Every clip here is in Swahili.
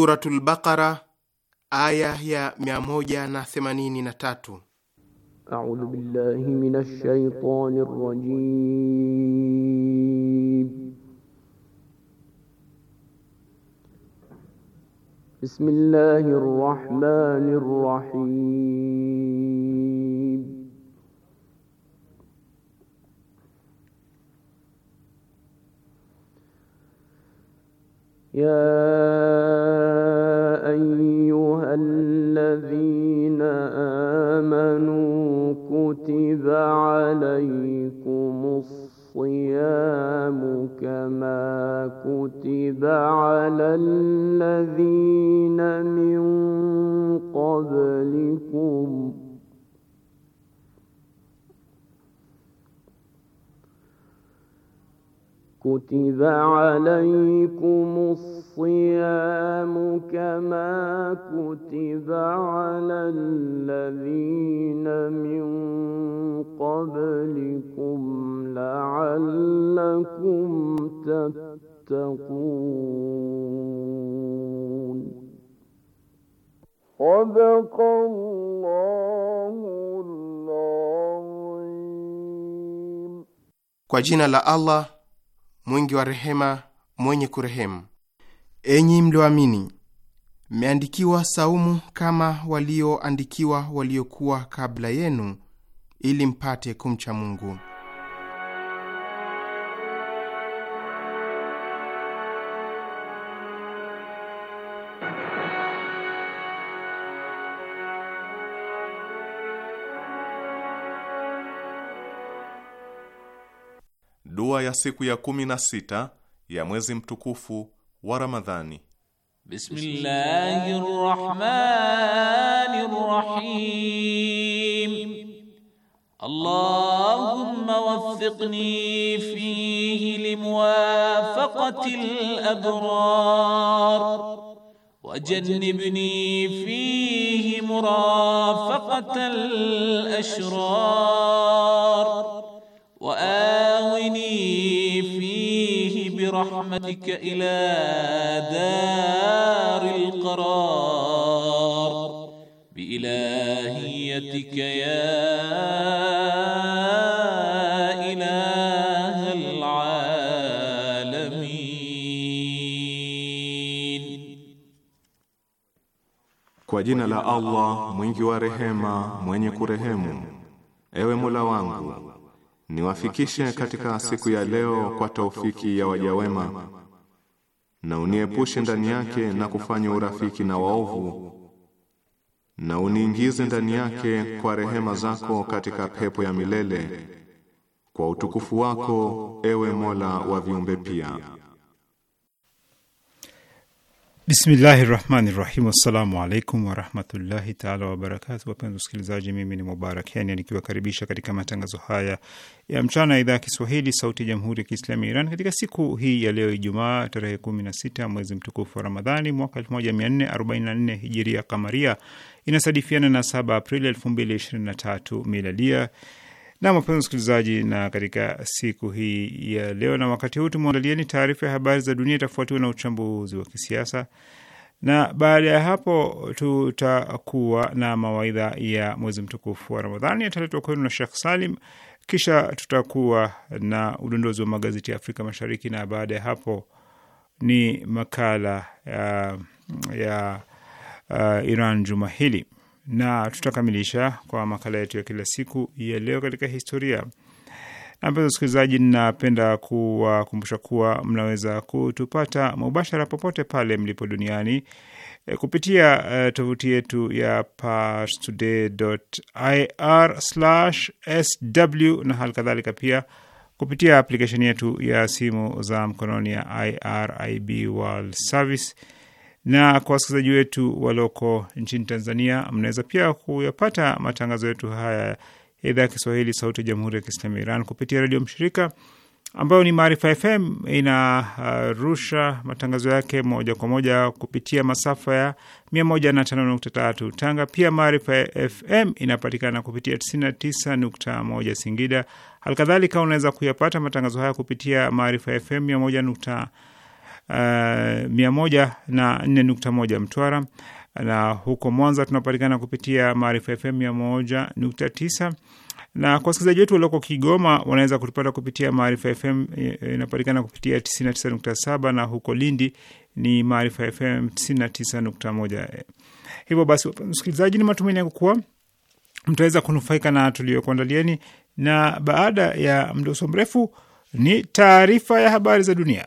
Suratul Baqara aya ya 183. A'udhu billahi minash shaitanir rajim. Bismillahir rahmanir rahim. يا آمنوا كتب عليكم الصيام كما كتب على الذين من قبلكم كتب عليكم الصيام الصيام كما كتب على الذين من قبلكم لعلكم تتقون صدق الله Kwa jina la Allah mwingi wa rehema, mwenye kurehemu. Enyi mlioamini, mmeandikiwa saumu kama walioandikiwa waliokuwa kabla yenu, ili mpate kumcha Mungu. Dua ya siku ya kumi na sita ya mwezi mtukufu ورمضان بسم الله الرحمن الرحيم اللهم وفقني فيه لموافقة الأبرار وجنبني فيه مرافقة الأشرار برحمتك إلى دار القرار بإلهيتك يا إله العالمين Kwa jina la Allah mwingi wa rehema mwenye kurehemu, ewe Mola wangu niwafikishe katika siku ya leo kwa taufiki ya wajawema na uniepushe ndani yake na kufanya urafiki na waovu na uniingize ndani yake kwa rehema zako katika pepo ya milele kwa utukufu wako ewe Mola wa viumbe pia Bismillahi rahmani rahim. Assalamu alaikum warahmatullahi taala wabarakatu. Wapenzi wasikilizaji, mimi ni Mubarak Henia nikiwakaribisha katika matangazo haya ya mchana ya idhaa ya Kiswahili sauti ya jamhuri ya Kiislami ya Iran katika siku hii ya leo Ijumaa tarehe kumi na sita mwezi mtukufu wa Ramadhani mwaka nne hijiria kamaria inasadifiana na saba Aprili tatu miladia na mapenzi msikilizaji, na katika siku hii ya leo na wakati huu tumeandalieni taarifa ya habari za dunia, itafuatiwa na uchambuzi wa kisiasa, na baada ya hapo tutakuwa na mawaidha ya mwezi mtukufu wa Ramadhani yataletwa kwenu na Shekh Salim, kisha tutakuwa na udondozi wa magazeti ya Afrika Mashariki, na baada ya hapo ni makala ya, uh, ya uh, Iran juma hili na tutakamilisha kwa makala yetu ya kila siku ya leo katika historia. Napeza usikilizaji, ninapenda kuwakumbusha kuwa mnaweza kutupata mubashara popote pale mlipo duniani e, kupitia uh, tovuti yetu ya parstoday.ir/sw na hali kadhalika pia kupitia aplikesheni yetu ya simu za mkononi ya IRIB World Service na kwa wasikilizaji wetu walioko nchini Tanzania, mnaweza pia kuyapata matangazo yetu haya ya idhaa ya Kiswahili sauti ya jamhuri ya kiislamu ya Iran kupitia redio mshirika ambayo ni Maarifa FM. Inarusha matangazo yake moja kwa moja kupitia masafa ya 105.3 Tanga. Pia Maarifa FM inapatikana kupitia 99.1 Singida. Halikadhalika, unaweza kuyapata matangazo haya kupitia Maarifa FM uh, moja na nne nukta moja Mtwara, na huko Mwanza tunapatikana kupitia Maarifa FM mia na kwa wasikilizaji wetu walioko Kigoma wanaweza kutupata kupitia Maarifa FM e, e, inapatikana kupitia 99.7 na huko Lindi ni Maarifa FM 99.1. Hivyo basi, msikilizaji, ni matumaini yangu kuwa mtaweza kunufaika na tuliyokuandalieni, na baada ya mdoso mrefu ni taarifa ya habari za dunia.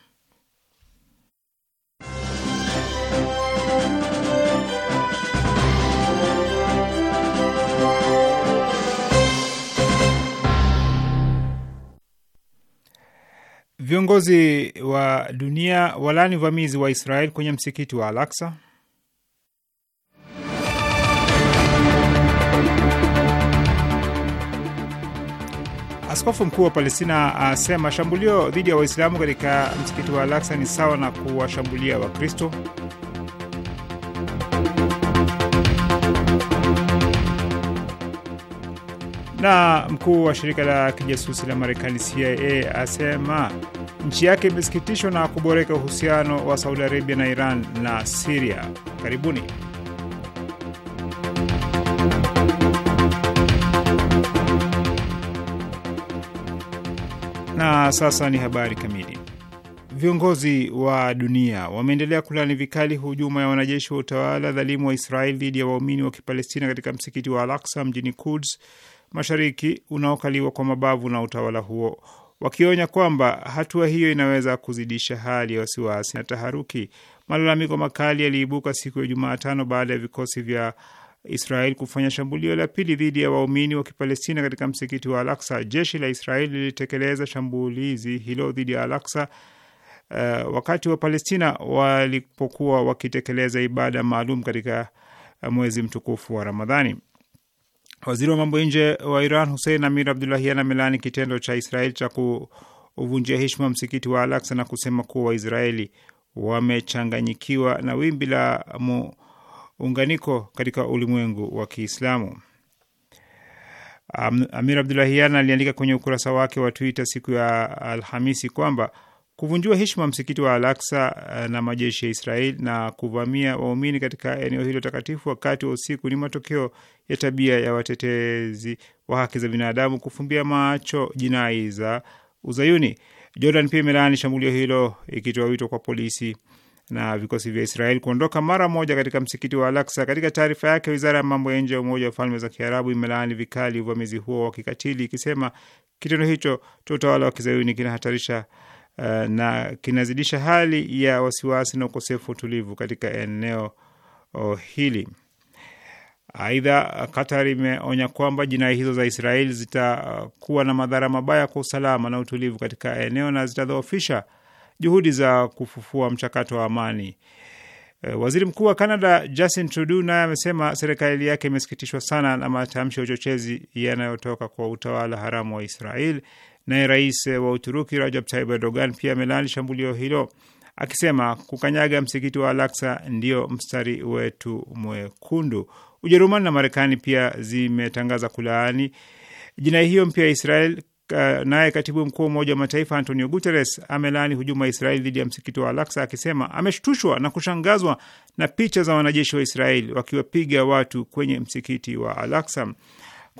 Viongozi wa dunia walani uvamizi wa Israel kwenye msikiti wa Al-Aqsa. Askofu mkuu wa Palestina asema shambulio dhidi ya Waislamu katika msikiti wa Al-Aqsa ni sawa na kuwashambulia Wakristo. Na mkuu wa shirika la kijasusi la Marekani CIA asema Nchi yake imesikitishwa na kuboreka uhusiano wa Saudi Arabia na Iran na Siria. Karibuni. Na sasa ni habari kamili. Viongozi wa dunia wameendelea kulani vikali hujuma ya wanajeshi wa utawala dhalimu wa Israeli dhidi ya waumini wa Kipalestina katika msikiti wa al mjini Kuds mashariki unaokaliwa kwa mabavu na utawala huo wakionya kwamba hatua hiyo inaweza kuzidisha hali ya wasiwasi na taharuki. Malalamiko makali yaliibuka siku ya Jumatano baada ya vikosi vya Israel kufanya shambulio la pili dhidi ya waumini wa Kipalestina katika msikiti wa alaksa Jeshi la Israel lilitekeleza shambulizi hilo dhidi ya alaksa uh, wakati wa Palestina walipokuwa wakitekeleza ibada maalum katika uh, mwezi mtukufu wa Ramadhani. Waziri wa mambo ya nje wa Iran Hussein Amir Abdulahian amelaani kitendo cha Israel cha kuvunjia heshima msikiti wa Alaksa na kusema kuwa Waisraeli wamechanganyikiwa na wimbi la muunganiko katika ulimwengu wa Kiislamu. Amir Abdulahian aliandika kwenye ukurasa wake wa Twitter siku ya Alhamisi kwamba Kuvunjiwa heshima msikiti wa Alaksa eh, na majeshi ya Israel na kuvamia waumini katika eneo hilo takatifu wakati wa usiku ni matokeo ya tabia ya watetezi wa haki za binadamu kufumbia macho jinai za Uzayuni. Jordan pia imelaani shambulio hilo ikitoa wito kwa polisi na vikosi vya Israel kuondoka mara moja katika msikiti wa Alaksa. Katika taarifa yake, wizara ya mambo ya nje ya Umoja wa Falme za Kiarabu imelaani vikali uvamizi huo wa kikatili, ikisema kitendo hicho cha utawala wa Kizayuni kinahatarisha Eh, na kinazidisha hali ya wasiwasi na ukosefu wa utulivu katika eneo oh, hili. Aidha, Qatar imeonya kwamba jinai hizo za Israeli zitakuwa na madhara mabaya kwa usalama na utulivu katika eneo na zitadhoofisha juhudi za kufufua mchakato wa amani. Eh, Waziri Mkuu wa Canada Justin Trudeau naye amesema serikali yake imesikitishwa sana na matamshi ya uchochezi yanayotoka kwa utawala haramu wa Israel Naye rais wa Uturuki Rajab Tayyip Erdogan pia amelaani shambulio hilo akisema kukanyaga msikiti wa Alaksa ndio mstari wetu mwekundu. Ujerumani na Marekani pia zimetangaza kulaani jinai hiyo mpya ya Israel. Naye katibu mkuu wa Umoja wa Mataifa Antonio Guterres amelaani hujuma ya Israel dhidi ya msikiti wa Alaksa akisema ameshtushwa na kushangazwa na picha za wanajeshi wa Israel wakiwapiga watu kwenye msikiti wa Alaksa.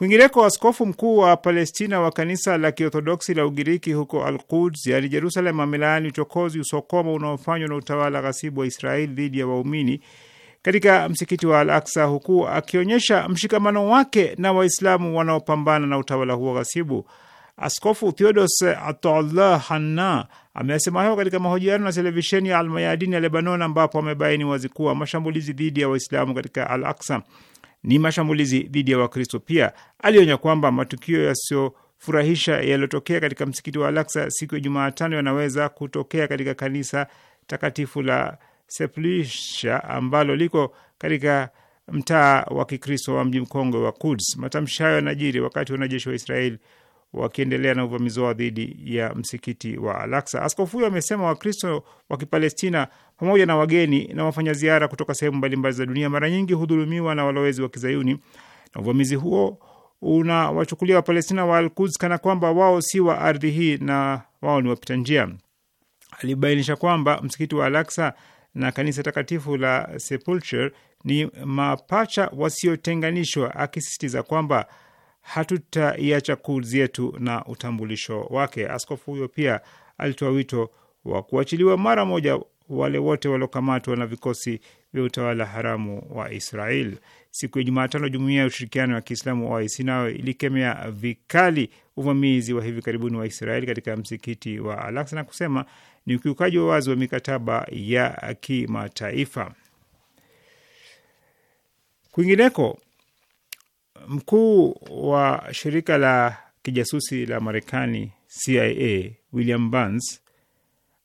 Kwingineko, askofu mkuu wa Palestina wa kanisa la Kiorthodoksi la Ugiriki huko Al Quds, yaani Jerusalem, amelaani uchokozi usokoma unaofanywa na utawala ghasibu wa Israeli dhidi ya waumini katika msikiti wa Al Aksa, huku akionyesha mshikamano wake na Waislamu wanaopambana na utawala huo ghasibu. Askofu Theodos Atollah Hanna amesema hayo katika mahojiano na televisheni ya Almayadini ya Lebanon, ambapo amebaini wazi kuwa mashambulizi dhidi ya Waislamu katika Al Aksa ni mashambulizi dhidi ya Wakristo. Pia alionya kwamba matukio yasiyofurahisha yaliyotokea katika msikiti wa Al-Aqsa siku ya Jumatano yanaweza kutokea katika kanisa takatifu la Seplisha ambalo liko katika mtaa wa Kikristo wa mji mkongwe wa Kuds. Matamshi hayo yanajiri wakati wanajeshi wa Israeli wakiendelea na uvamizi wao dhidi ya msikiti wa Al-Aqsa. Askofu huyo amesema Wakristo wa Kipalestina pamoja na wageni na wafanya ziara kutoka sehemu mbalimbali za dunia mara nyingi hudhulumiwa na walowezi wa Kizayuni, na uvamizi huo unawachukulia Wapalestina wa Al-Quds kana kwamba wao si wa ardhi hii na wao ni wapita njia. Alibainisha kwamba msikiti wa Al-Aqsa na kanisa takatifu la Sepulcher ni mapacha wasiotenganishwa, akisisitiza kwamba hatutaiacha kuzi yetu na utambulisho wake. Askofu huyo pia alitoa wito wa kuachiliwa mara moja wale wote waliokamatwa na vikosi vya utawala haramu wa Israel. Siku ya Jumatano, Jumuiya ya Ushirikiano wa Kiislamu OIC nayo ilikemea vikali uvamizi wa hivi karibuni wa Israeli katika msikiti wa Al-Aqsa na kusema ni ukiukaji wa wazi wa mikataba ya kimataifa. Kwingineko, Mkuu wa shirika la kijasusi la Marekani CIA William Burns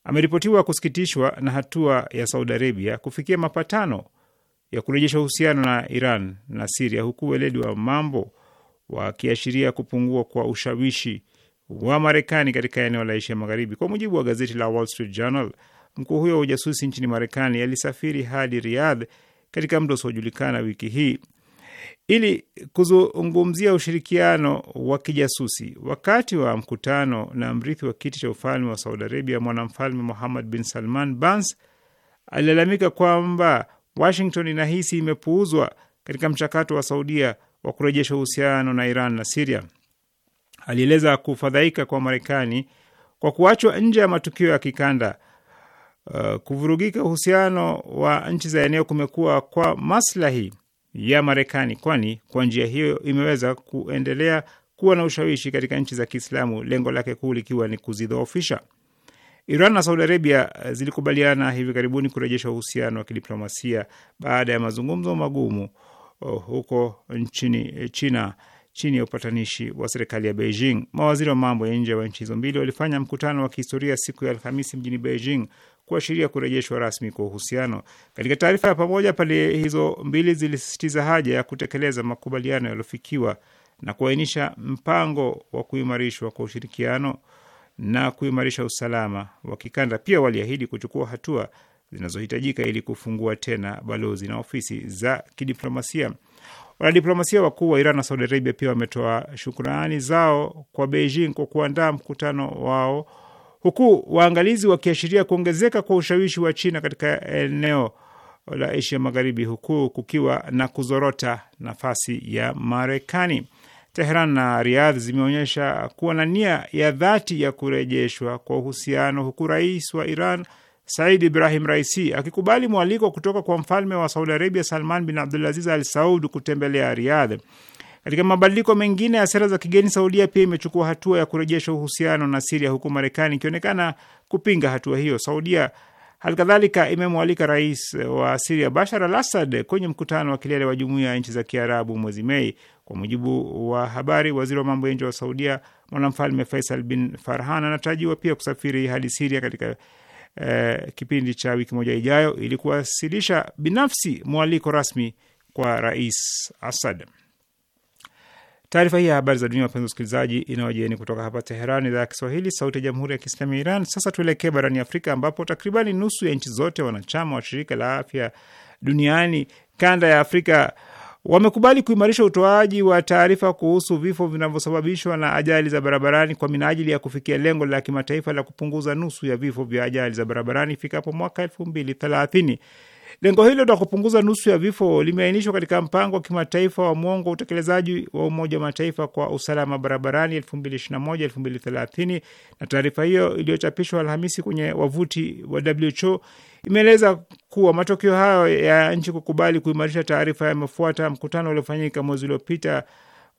ameripotiwa kusikitishwa na hatua ya Saudi Arabia kufikia mapatano ya kurejesha uhusiano na Iran na Siria, huku weledi wa mambo wakiashiria kupungua kwa ushawishi wa Marekani katika eneo la Asia Magharibi. Kwa mujibu wa gazeti la Wall Street Journal, mkuu huyo wa ujasusi nchini Marekani alisafiri hadi Riyadh katika mto usiojulikana wiki hii ili kuzungumzia ushirikiano wa kijasusi. Wakati wa mkutano na mrithi wa kiti cha ufalme wa Saudi Arabia, mwanamfalme Muhammad bin Salman Bans alilalamika kwamba Washington inahisi imepuuzwa katika mchakato wa Saudia wa kurejesha uhusiano na Iran na Siria. Alieleza kufadhaika kwa Marekani kwa kuachwa nje ya matukio ya kikanda. Uh, kuvurugika uhusiano wa nchi za eneo kumekuwa kwa maslahi ya Marekani, kwani kwa njia hiyo imeweza kuendelea kuwa na ushawishi katika nchi za Kiislamu, lengo lake kuu likiwa ni kuzidhoofisha. Iran na Saudi Arabia zilikubaliana hivi karibuni kurejesha uhusiano wa kidiplomasia baada ya mazungumzo magumu oh, huko nchini China chini ya upatanishi wa serikali ya Beijing. Mawaziri wa mambo ya nje wa nchi hizo mbili walifanya mkutano wa kihistoria siku ya Alhamisi mjini Beijing kuashiria kurejeshwa rasmi kwa uhusiano. Katika taarifa ya pamoja, pande hizo mbili zilisisitiza haja ya kutekeleza makubaliano yaliyofikiwa na kuainisha mpango wa kuimarishwa kwa ushirikiano na kuimarisha usalama wa kikanda. Pia waliahidi kuchukua hatua zinazohitajika ili kufungua tena balozi na ofisi za kidiplomasia. Wanadiplomasia wakuu wa Iran na Saudi Arabia pia wametoa shukrani zao kwa Beijing kwa kuandaa mkutano wao huku waangalizi wakiashiria kuongezeka kwa ushawishi wa China katika eneo la Asia Magharibi, huku kukiwa na kuzorota nafasi ya Marekani. Teheran na Riadh zimeonyesha kuwa na nia ya dhati ya kurejeshwa kwa uhusiano, huku rais wa Iran Said Ibrahim Raisi akikubali mwaliko kutoka kwa mfalme wa Saudi Arabia Salman bin Abdulaziz Al Saud kutembelea Riadh. Katika mabadiliko mengine ya sera za kigeni, Saudia pia imechukua hatua ya kurejesha uhusiano na Siria, huku Marekani ikionekana kupinga hatua hiyo. Saudia halikadhalika imemwalika rais wa Siria Bashar al Assad kwenye mkutano wa kilele wa Jumuiya ya Nchi za Kiarabu mwezi Mei. Kwa mujibu wa habari, waziri wa mambo ya nje wa Saudia mwanamfalme Faisal bin Farhan anatarajiwa pia kusafiri hadi Siria katika eh, kipindi cha wiki moja ijayo ili kuwasilisha binafsi mwaliko rasmi kwa rais Assad. Taarifa hii ya habari za dunia, wapenzi wasikilizaji, inayojieni kutoka hapa Teheran, idhaa ya Kiswahili, sauti ya jamhuri ya kiislamu ya Iran. Sasa tuelekee barani Afrika ambapo takribani nusu ya nchi zote wanachama wa shirika la afya duniani kanda ya Afrika wamekubali kuimarisha utoaji wa taarifa kuhusu vifo vinavyosababishwa na ajali za barabarani kwa minajili ya kufikia lengo la kimataifa la kupunguza nusu ya vifo vya ajali za barabarani ifikapo mwaka elfu mbili thelathini. Lengo hilo la kupunguza nusu ya vifo limeainishwa katika mpango wa kimataifa wa mwongo utekelezaji wa Umoja wa Mataifa kwa usalama barabarani 2021-2030 na taarifa hiyo iliyochapishwa Alhamisi kwenye wavuti wa WHO imeeleza kuwa matokeo hayo ya nchi kukubali kuimarisha taarifa yamefuata mkutano uliofanyika mwezi uliopita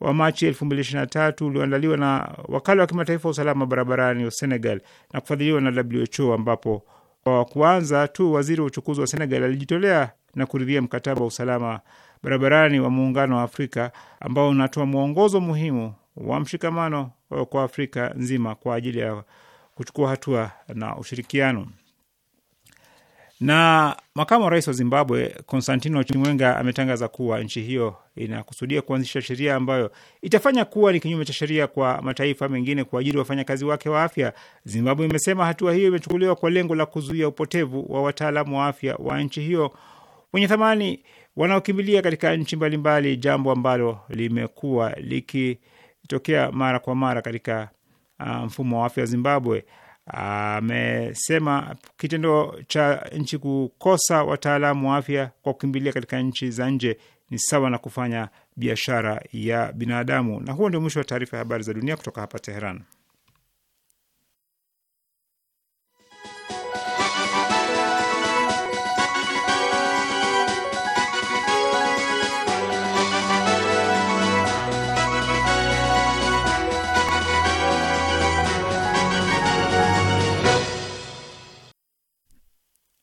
wa Machi 2023 ulioandaliwa na wakala wa kimataifa wa usalama barabarani wa Senegal na kufadhiliwa na WHO ambapo kwa kuanza tu, waziri wa uchukuzi wa Senegal alijitolea na kuridhia mkataba wa usalama barabarani wa Muungano wa Afrika ambao unatoa mwongozo muhimu wa mshikamano eh, kwa Afrika nzima kwa ajili ya kuchukua hatua na ushirikiano. Na makamu wa rais wa Zimbabwe Konstantino Chiwenga ametangaza kuwa nchi hiyo inakusudia kuanzisha sheria ambayo itafanya kuwa ni kinyume cha sheria kwa mataifa mengine kuajiri wafanyakazi wake wa afya. Zimbabwe imesema hatua hiyo imechukuliwa kwa lengo la kuzuia upotevu wa wataalamu wa afya wa nchi hiyo wenye thamani wanaokimbilia katika nchi mbalimbali, jambo ambalo limekuwa likitokea mara kwa mara katika uh, mfumo wa afya wa Zimbabwe. Amesema kitendo cha nchi kukosa wataalamu wa afya kwa kukimbilia katika nchi za nje ni sawa na kufanya biashara ya binadamu. Na huo ndio mwisho wa taarifa ya habari za dunia kutoka hapa Teheran.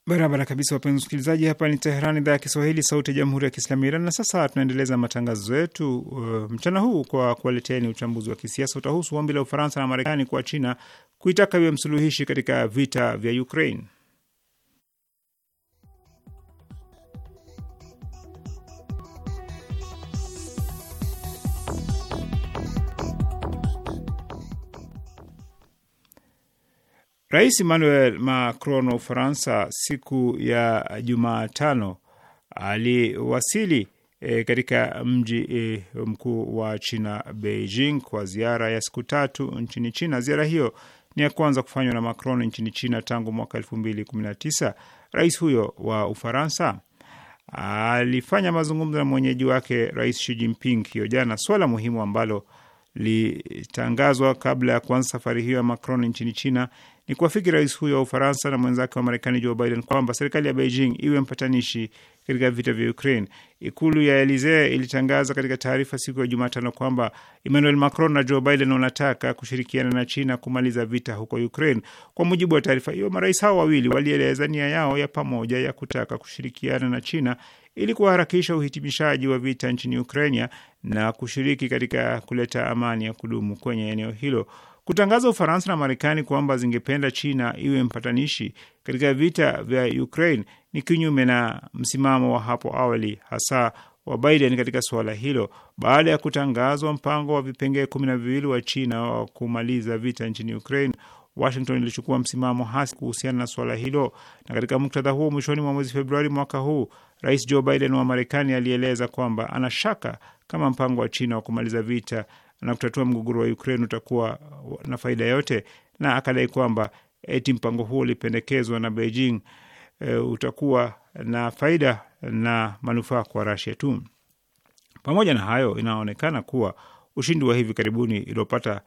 Barabara kabisa, wapenzi msikilizaji, hapa ni Teheran, idhaa ya Kiswahili, sauti ya jamhuri ya kiislamu ya Iran. Na sasa tunaendeleza matangazo yetu uh, mchana huu kwa kuwaleteni uchambuzi wa kisiasa. Utahusu ombi la Ufaransa na Marekani kwa China kuitaka iwe msuluhishi katika vita vya Ukraine. Rais Emmanuel Macron wa Ufaransa siku ya Jumatano aliwasili e, katika mji e, mkuu wa China Beijing kwa ziara ya siku tatu nchini China. Ziara hiyo ni ya kwanza kufanywa na Macron nchini China tangu mwaka elfu mbili kumi na tisa. Rais huyo wa Ufaransa alifanya mazungumzo na mwenyeji wake Rais Xi Jinping hiyo jana, swala muhimu ambalo litangazwa kabla ya kuanza safari hiyo ya Macron nchini China ni kuwafiki rais huyo wa Ufaransa na mwenzake wa Marekani Joe Biden kwamba serikali ya Beijing iwe mpatanishi katika vita vya Ukraine. Ikulu ya Elisee ilitangaza katika taarifa siku ya Jumatano kwamba Emmanuel Macron na Joe Biden wanataka kushirikiana na China kumaliza vita huko Ukraine. Kwa mujibu wa taarifa hiyo, marais hao wawili walieleza nia yao ya pamoja ya kutaka kushirikiana na China ili kuharakisha uhitimishaji wa vita nchini Ukraine na kushiriki katika kuleta amani ya kudumu kwenye eneo hilo. Kutangaza Ufaransa na Marekani kwamba zingependa China iwe mpatanishi katika vita vya Ukraine ni kinyume na msimamo wa hapo awali, hasa wa Biden katika suala hilo, baada ya kutangazwa mpango wa vipengee kumi na viwili wa China wa kumaliza vita nchini Ukraine. Washington ilichukua msimamo hasi kuhusiana na suala hilo, na katika muktadha huo, mwishoni mwa mwezi Februari mwaka huu, Rais Joe Biden wa Marekani alieleza kwamba ana shaka kama mpango wa China wa kumaliza vita na kutatua mgogoro wa Ukraine utakuwa na faida yote, na akadai kwamba eti mpango huo ulipendekezwa na Beijing e, utakuwa na faida na manufaa kwa Russia tu. Pamoja na hayo, inaonekana kuwa ushindi wa hivi karibuni uliopata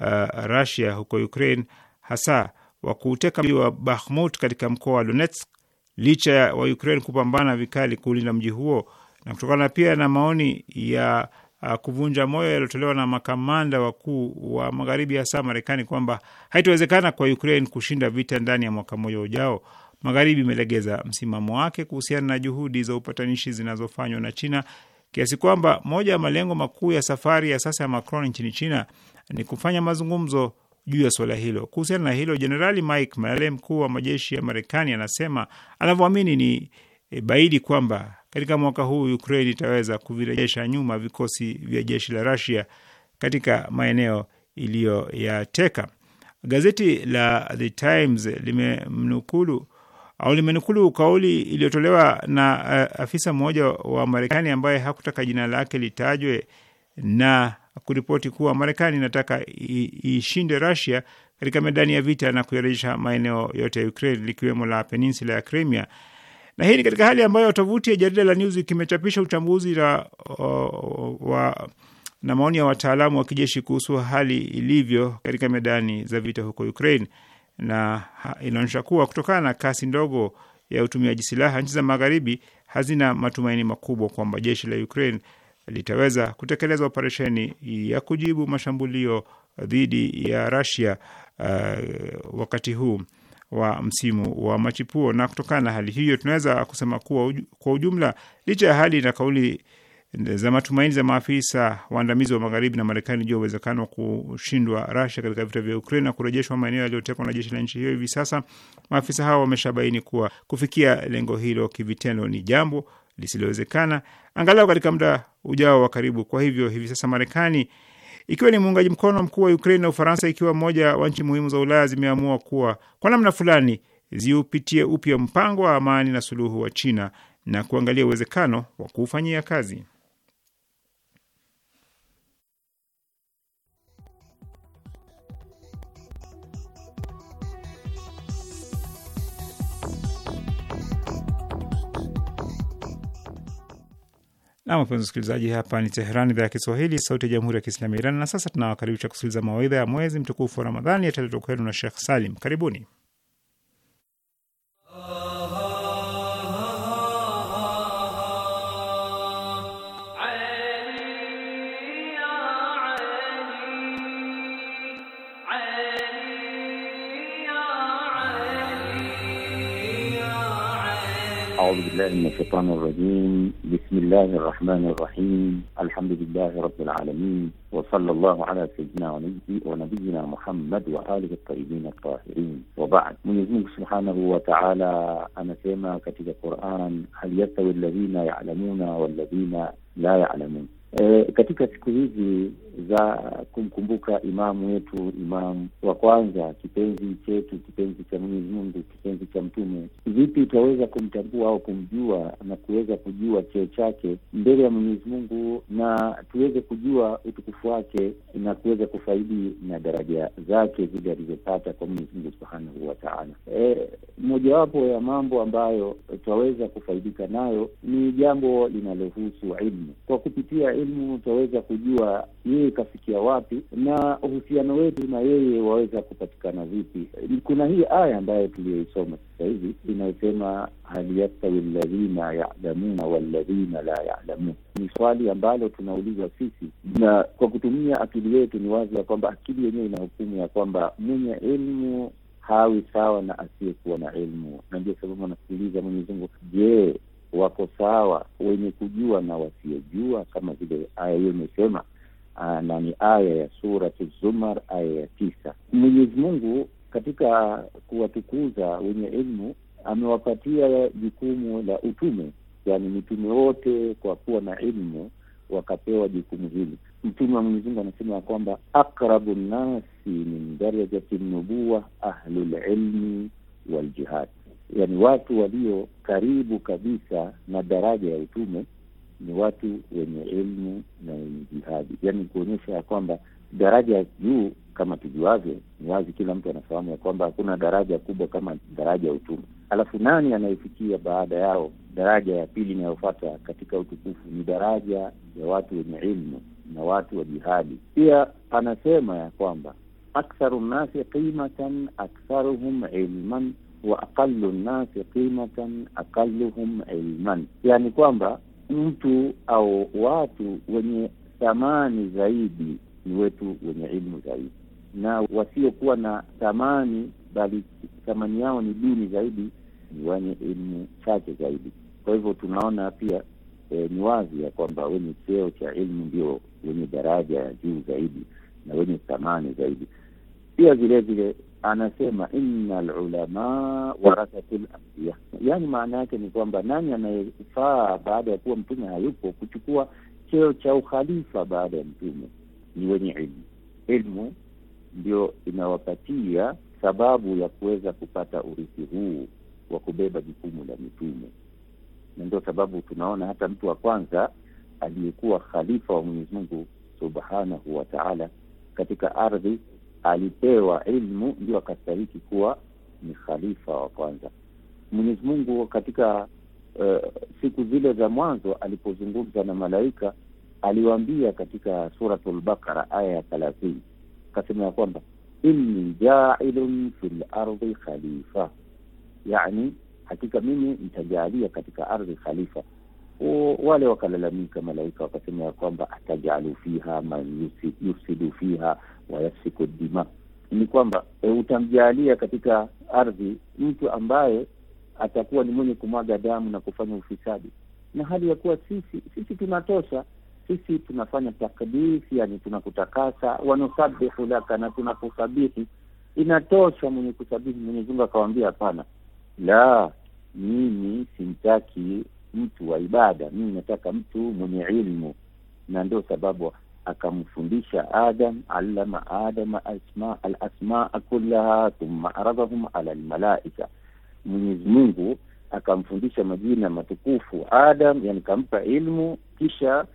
uh, e, Russia huko Ukraine hasa wa kuuteka mji wa Bakhmut katika mkoa wa Donetsk, licha ya wa Ukraine kupambana vikali kulinda mji huo na kutokana pia na maoni ya Uh, kuvunja moyo yaliyotolewa na makamanda wakuu wa magharibi hasa Marekani kwamba haitawezekana kwa Ukraine kushinda vita ndani ya mwaka mmoja ujao. Magharibi imelegeza msimamo wake kuhusiana na juhudi za upatanishi zinazofanywa na China kiasi kwamba moja ya malengo makuu ya safari ya sasa ya Macron nchini China ni kufanya mazungumzo juu ya suala hilo. Kuhusiana na hilo, Jenerali Mike Malley, mkuu wa majeshi ya Marekani, anasema anavyoamini ni e, baidi kwamba katika mwaka huu Ukraine itaweza kuvirejesha nyuma vikosi vya jeshi la rasia katika maeneo iliyoyateka. Gazeti la The Times limemnukulu au limenukulu kauli iliyotolewa na uh, afisa mmoja wa Marekani ambaye hakutaka jina lake litajwe na kuripoti kuwa Marekani inataka ishinde rasia katika medani ya vita na kuyarejesha maeneo yote ya Ukraine likiwemo la peninsula ya Crimea na hii ni katika hali ambayo tovuti ya jarida la Newsweek imechapisha uchambuzi la, uh, wa, na maoni ya wataalamu wa kijeshi kuhusu hali ilivyo katika medani za vita huko Ukraine, na inaonyesha kuwa kutokana na kasi ndogo ya utumiaji silaha, nchi za magharibi hazina matumaini makubwa kwamba jeshi la Ukraine litaweza kutekeleza operesheni ya kujibu mashambulio dhidi ya Russia uh, wakati huu wa msimu wa machipuo. Na kutokana na hali hiyo, tunaweza kusema kuwa kwa ujumla, licha ya hali na kauli za matumaini za maafisa waandamizi wa magharibi na Marekani juu ya uwezekano wa kushindwa Rasia katika vita vya Ukraine na kurejeshwa maeneo yaliyotekwa na jeshi la nchi hiyo, hivi sasa maafisa hao wameshabaini kuwa kufikia lengo hilo kivitendo ni jambo lisilowezekana, angalau katika muda ujao wa karibu. Kwa hivyo hivi sasa Marekani ikiwa ni muungaji mkono mkuu wa Ukraine na Ufaransa ikiwa moja wa nchi muhimu za Ulaya zimeamua kuwa kwa namna fulani ziupitie upya mpango wa amani na suluhu wa China na kuangalia uwezekano wa kuufanyia kazi. Na wapenzi wasikilizaji, hapa ni Teheran, idhaa ya Kiswahili, sauti ya jamhuri ya kiislamu ya Iran. Na sasa tunawakaribisha kusikiliza mawaidha ya mwezi mtukufu wa Ramadhani yataletwa kwenu na Shekh Salim. Karibuni. أعوذ بالله من الشيطان الرجيم بسم الله الرحمن الرحيم الحمد لله رب العالمين وصلى الله على سيدنا ونبينا محمد وآله الطيبين الطاهرين وبعد Mwenyezi سبحانه وتعالى أنا سيما كتب Qur'an هل يستوي الذين يعلمون والذين لا يعلمون E, katika siku hizi za kumkumbuka imamu wetu, imamu wa kwanza, kipenzi chetu, kipenzi cha Mwenyezi Mungu, kipenzi cha Mtume, vipi tutaweza kumtambua au kumjua na kuweza kujua cheo chake mbele ya Mwenyezi Mungu na tuweze kujua utukufu wake na kuweza kufaidi na daraja zake vile alizopata kwa Mwenyezi Mungu Subhanahu wa Ta'ala. E, mojawapo ya mambo ambayo twaweza kufaidika nayo ni jambo linalohusu ilmu kwa kupitia elimu utaweza kujua yeye kafikia wapi na uhusiano wetu na yeye waweza kupatikana vipi. Kuna hii aya ambayo tuliyoisoma sasa hivi inayosema hal yastawi lladhina yalamuna walladhina la yalamun. Ni swali ambalo tunaulizwa sisi, na kwa kutumia akili yetu ni wazi ya kwamba akili yenyewe ina hukumu ya kwamba mwenye elimu hawi sawa na asiyekuwa na elimu, na ndio sababu anasikiliza Mwenyezi Mungu, je wako sawa, wenye kujua na wasiojua, kama vile aya hiyo imesema ah, na ni aya ya Suratu Zumar aya ya tisa. Mwenyezi Mungu katika kuwatukuza wenye ilmu amewapatia jukumu la utume, yani mitume wote kwa kuwa na ilmu wakapewa jukumu hili. Mtume wa Mwenyezi Mungu anasema ya kwamba akrabu nnasi min darajati nubuwa ahlulilmi waljihadi yani watu walio karibu kabisa na daraja ya utume ni watu wenye elmu na wenye jihadi, yani kuonyesha ya kwamba daraja ya juu kama tujuavyo, ni wazi, kila mtu anafahamu ya kwamba hakuna daraja kubwa kama daraja ya utume. Alafu nani anayefikia baada yao? Daraja ya pili inayofata katika utukufu ni daraja ya watu wenye ilmu na watu wa jihadi. Pia anasema ya kwamba aktharu nnasi qimatan aktharuhum ilman waaqalu nnasi qimatan aqaluhum ilman, yani kwamba mtu au watu wenye thamani zaidi ni wetu wenye ilmu zaidi, na wasiokuwa na thamani bali thamani yao ni duni zaidi ni wenye ilmu chache zaidi. Kwa hivyo tunaona pia e, ni wazi ya kwamba wenye cheo cha ilmu ndio wenye daraja ya juu zaidi na wenye thamani zaidi. Pia vilevile anasema inna lulama warathatu lambia, yaani maana yake ni kwamba nani anayefaa baada ya kuwa mtume hayupo kuchukua cheo cha ukhalifa baada ya mtume? Ni wenye ilmu. Ilmu ndio inawapatia sababu ya kuweza kupata urithi huu wa kubeba jukumu la mitume, na ndio sababu tunaona hata mtu wa kwanza aliyekuwa khalifa wa Mwenyezi Mungu subhanahu wa taala katika ardhi alipewa ilmu ndio akastahiki kuwa ni khalifa wa kwanza. Mwenyezi Mungu katika uh, siku zile za mwanzo alipozungumza na malaika aliwaambia katika Suratul Bakara aya ya thalathini akasema ya kwamba inni jailun fil ardi khalifa, yani hakika mimi nitajaalia katika ardhi khalifa. O, wale wakalalamika malaika wakasema ya kwamba atajalu fiha man yusidu fiha wa yasfiku dima, ni kwamba e, utamjaalia katika ardhi mtu ambaye atakuwa ni mwenye kumwaga damu na kufanya ufisadi, na hali ya kuwa sisi sisi tunatosha, sisi tunafanya takdis, yani tunakutakasa, wanusabihu laka, na tunakusabihi inatosha mwenye kusabihi. Mwenyezi Mungu akawambia hapana, la, mimi simtaki mtu wa ibada, mimi nataka mtu mwenye ilmu, na ndio sababu akamfundisha Adam, allama Adama alasmaa kullaha thumma aradhahum ala almalaika, Mwenyezi Mungu akamfundisha majina matukufu Adam, yani kampa ilmu kisha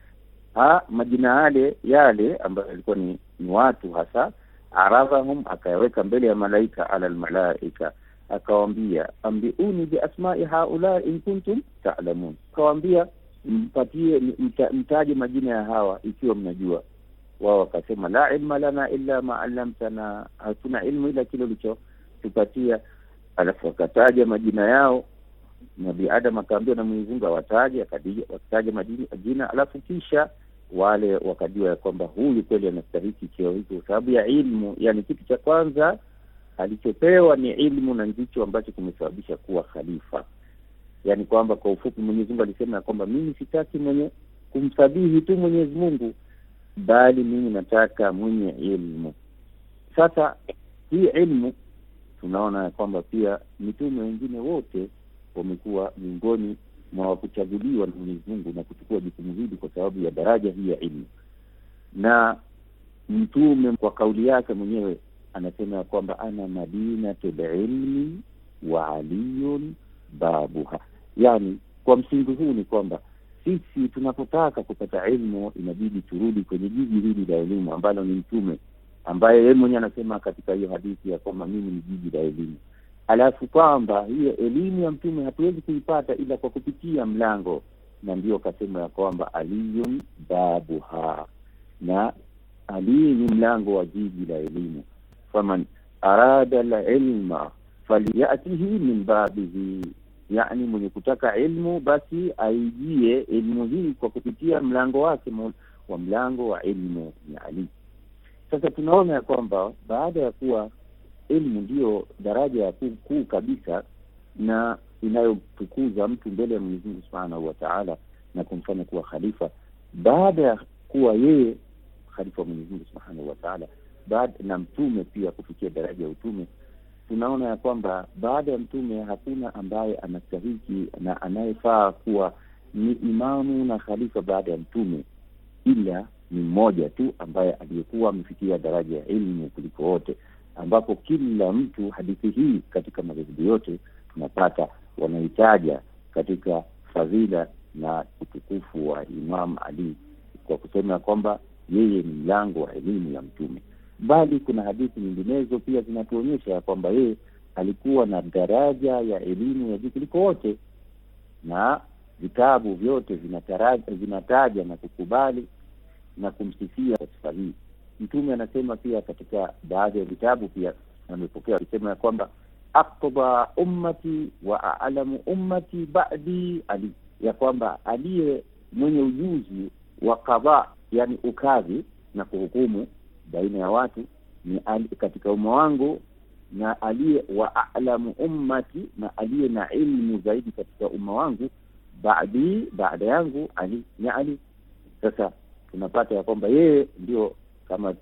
ha, majina yale yale ambayo yalikuwa ni, ni watu hasa aradhahum akayaweka mbele ya malaika ala almalaika akawambia ambiuni biasmai haula in kuntum talamun, akawambia mpatie mta, mtaje majina ya hawa ikiwa mnajua. Wao wakasema la ilma lana illa ma allamtana, hatuna ilmu ila kile ulichotupatia. Alafu wakataja majina yao. na Adam akaambiwa na Mwenyezi Mungu awataje, wakataja majina, alafu kisha wale wakajua ya kwamba huyu kweli anastahiki cheo hiki kwa sababu ya ilmu. Yani kitu cha kwanza alichopewa ni ilmu, na ndicho ambacho kimesababisha kuwa khalifa yaani kwamba kwa ufupi Mwenyezi Mungu alisema ya kwamba mimi sitaki mwenye kumsabihi tu Mwenyezi Mungu, bali mimi nataka mwenye ilmu. Sasa hii ilmu tunaona ya kwamba pia mitume wengine wote wamekuwa miongoni mwa wakuchaguliwa na Mwenyezi Mungu na kuchukua jukumu hili kwa sababu ya daraja hii ya ilmu. Na mtume kwa kauli yake mwenyewe anasema ya kwamba ana madinatul ilmi wa aliyun babuha. Yani kwa msingi huu ni kwamba sisi tunapotaka kupata elimu inabidi turudi kwenye jiji hili la elimu ambalo ni Mtume, ambaye yeye mwenyewe anasema katika hiyo hadithi ya kwamba mimi ni jiji la elimu, alafu kwamba hiyo elimu ya Mtume hatuwezi kuipata ila kwa kupitia mlango, na ndio kasema ya kwamba aliyun babuha, na aliyi ni mlango wa jiji la elimu. Faman arada la ilma falyatihi min babihi yani mwenye kutaka ilmu basi aijie elimu hii kwa kupitia mlango wake wa mlango wa elimu ya Ali. Sasa tunaona ya kwamba baada ya kuwa elimu ndiyo daraja ya kuu kabisa na inayotukuza mtu mbele ya mwenyezimungu Subhanahu wa Ta'ala na kumfanya kuwa khalifa, baada ya kuwa yeye khalifa wa mwenyezimungu Subhanahu wa Ta'ala, na mtume pia kufikia daraja ya utume tunaona ya kwamba baada ya Mtume hakuna ambaye anastahiki na anayefaa kuwa ni imamu na khalifa baada ya Mtume ila ni mmoja tu ambaye aliyekuwa amefikia daraja ya elimu kuliko wote, ambapo kila mtu, hadithi hii katika madhehebu yote tunapata wanahitaja katika fadhila na utukufu wa Imam Ali kwa kusema kwamba yeye ni mlango wa elimu ya Mtume bali kuna hadithi nyinginezo pia zinatuonyesha ya kwamba yeye alikuwa na daraja ya elimu ya juu kuliko wote, na vitabu vyote vinataja na kukubali na kumsifia katika hii. Mtume anasema pia katika baadhi ya vitabu pia amepokea akisema ya kwamba aktaba ummati wa alamu ummati badi Ali, ya kwamba aliye mwenye ujuzi wa kadhaa, yani ukadhi na kuhukumu baina ya watu ni ali, katika umma wangu na aliye wa alamu ummati, na aliye na ilmu zaidi katika umma wangu baadi, baada yangu Ali ni Ali. Sasa tunapata ya kwamba yeye ndio kama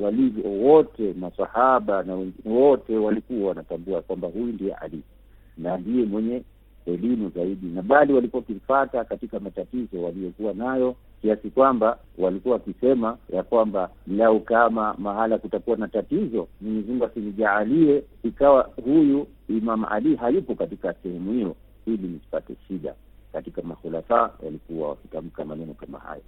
walivyo wote masahaba na wengine wote walikuwa wanatambua kwamba huyu ndiye Ali na ndiye mwenye elimu zaidi, na bali walikuwa wakimfata katika matatizo waliokuwa nayo kiasi kwamba walikuwa wakisema ya kwamba lau kama mahala kutakuwa na tatizo, Mwenyezi Mungu asinijaalie ikawa huyu Imam Ali hayupo katika sehemu hiyo, ili nisipate shida. Katika makhulafa walikuwa wakitamka maneno kama hayo.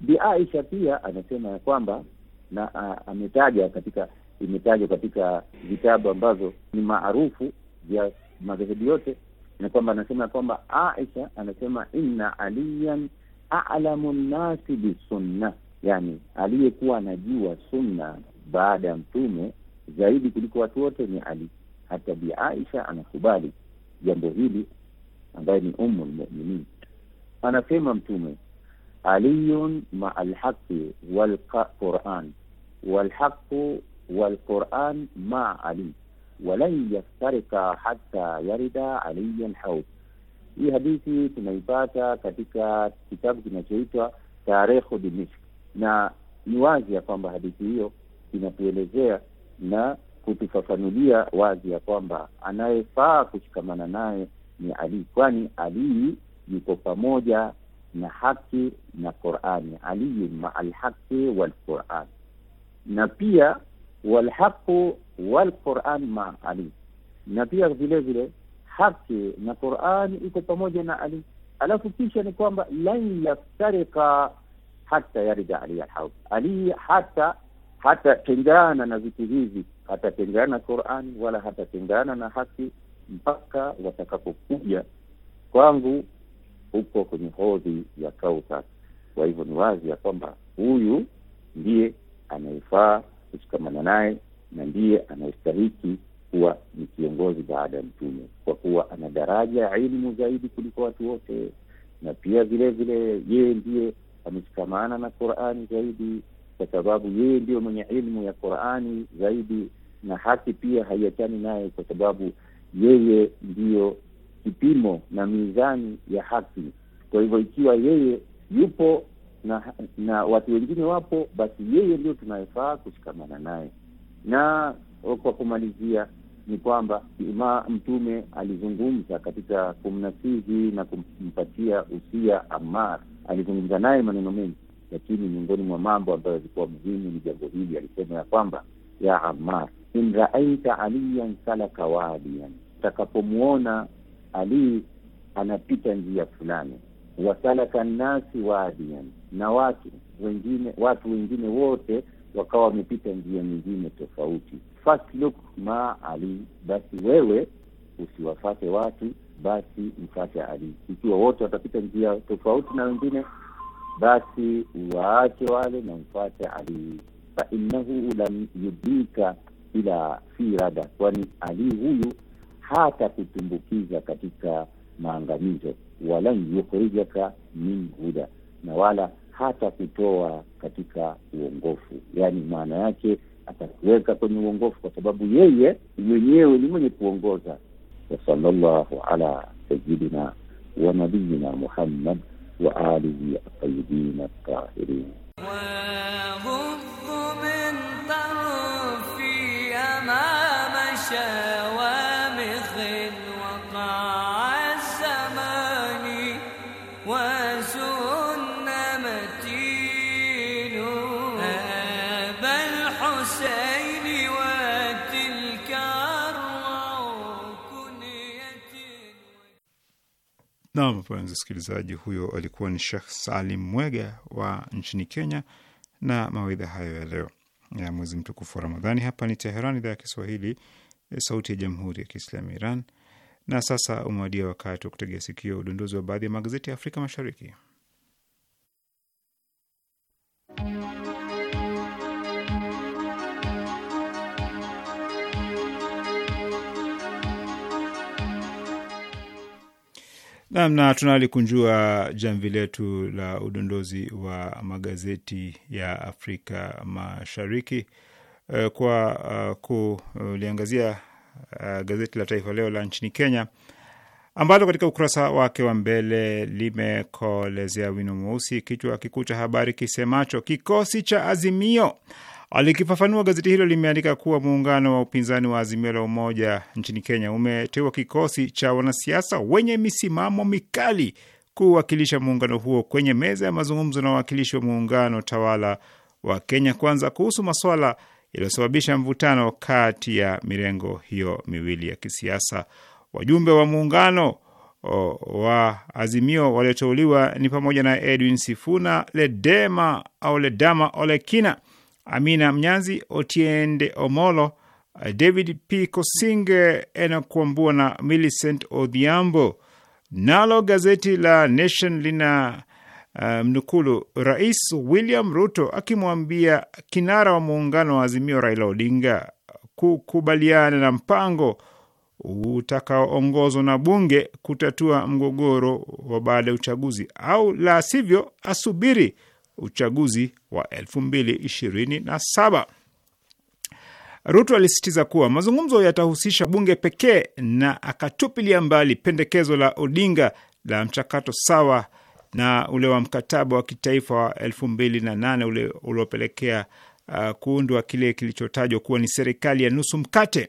Bi Aisha pia anasema ya kwamba na a, ametaja katika imetajwa katika vitabu ambazo ni maarufu vya madhehebu yote, na kwamba anasema ya kwamba Aisha anasema inna aliyan alamu nnasi bisunna, yani aliyekuwa anajua sunna baada ya mtume zaidi kuliko watu wote ni Ali. Hata Bi Aisha anakubali jambo hili, ambaye ni ummu lmuminin. Anasema Mtume, aliyun maa alhaqi walquran walhaqu walquran maa ali walan yaftarika hata yarida aliyan haud hii hadithi tunaipata katika kitabu kinachoitwa Tarekhu Dimishk, na ni wazi ya kwamba hadithi hiyo inatuelezea na kutufafanulia wazi ya kwamba anayefaa kushikamana naye ni Ali, kwani Ali yuko pamoja na haki na Qurani. Aliyu maa alhaqi walquran, na pia walhaqu walquran maa Ali, na pia vilevile vile haki na Qur'ani iko pamoja na Ali. Alafu kisha ni kwamba lan yaftarika hata yarja Ali alhaud Ali hata hatatengana na vitu hivi, hatatengana na Qur'ani wala hatatengana na haki mpaka watakapokuja kwangu huko kwenye hodhi ya Kauthar. Kwa hivyo ni wazi ya kwamba huyu ndiye anayefaa kushikamana naye na ndiye anayestahiki kuwa ni kiongozi baada ya Mtume, kwa kuwa ana daraja ya ilmu zaidi kuliko watu wote, na pia vile vile yeye ndiye ameshikamana na Qurani zaidi, kwa sababu yeye ndiyo mwenye ilmu ya Qurani zaidi, na haki pia haiachani naye, kwa sababu yeye ndiyo kipimo na mizani ya haki. Kwa hivyo ikiwa yeye yupo na na watu wengine wapo, basi yeye ndio tunayefaa kushikamana naye. Na kwa kumalizia ni kwamba ima Mtume alizungumza katika kumnasihi na kumpatia usia Ammar, alizungumza naye maneno mengi, lakini miongoni mwa mambo ambayo yalikuwa muhimu ni jambo hili. Alisema ya kwamba ya Ammar, in raaita aliyan salaka wadian utakapomwona Ali anapita njia fulani, wasalaka nnasi wadian na watu wengine watu wengine wote wakawa wamepita njia nyingine tofauti fasi look ma Ali, basi wewe usiwafate watu, basi mfate Ali. Ikiwa wote watapita njia tofauti na wengine, basi waache wale na mfate Ali. Fa innahu lam yudika ila firada, kwani Ali huyu hata kutumbukiza katika maangamizo, walan yukhrijaka min huda, na wala hata kutoa katika uongofu. Yani maana yake atatuweka kwenye uongofu, kwa sababu yeye mwenyewe ni mwenye kuongoza. Wasallallahu ala sayidina wa nabiyina Muhammad wa alihi atayibin atahirin Naam, mpenzi msikilizaji, huyo alikuwa ni Sheikh Salim Mwega wa nchini Kenya na mawaidha hayo ya leo ya mwezi mtukufu wa Ramadhani. Hapa ni Teheran, idhaa ya Kiswahili, sauti ya jamhuri ya kiislamu Iran. Na sasa umewadia wakati wa kutegea sikio udondozi wa baadhi ya magazeti ya Afrika Mashariki. Namna tunalikunjua jamvi letu la udondozi wa magazeti ya Afrika Mashariki e, kwa e, kuliangazia e, gazeti la Taifa Leo la nchini Kenya ambalo katika ukurasa wake wa mbele limekolezea wino mweusi kichwa kikuu cha habari kisemacho kikosi cha Azimio alikifafanua gazeti hilo limeandika kuwa muungano wa upinzani wa Azimio la Umoja nchini Kenya umeteua kikosi cha wanasiasa wenye misimamo mikali kuwakilisha muungano huo kwenye meza ya mazungumzo na wawakilishi wa muungano tawala wa Kenya Kwanza kuhusu masuala yaliyosababisha mvutano kati ya mirengo hiyo miwili ya kisiasa. Wajumbe wa muungano wa Azimio walioteuliwa ni pamoja na Edwin Sifuna Ledema au Ledama Olekina Amina Mnyanzi, Otiende Omolo, eh, David P Kosing, Enoch Wambua na Millicent Odhiambo. Nalo gazeti la Nation lina uh, mnukulu Rais William Ruto akimwambia kinara wa muungano wa Azimio Raila Odinga kukubaliana na mpango utakaoongozwa na bunge kutatua mgogoro wa baada ya uchaguzi au la sivyo asubiri uchaguzi wa 2027. Ruto alisisitiza kuwa mazungumzo yatahusisha bunge pekee na akatupilia mbali pendekezo la Odinga la mchakato sawa na ule wa mkataba wa kitaifa wa 2008 ule uliopelekea uh, kuundwa kile kilichotajwa kuwa ni serikali ya nusu mkate.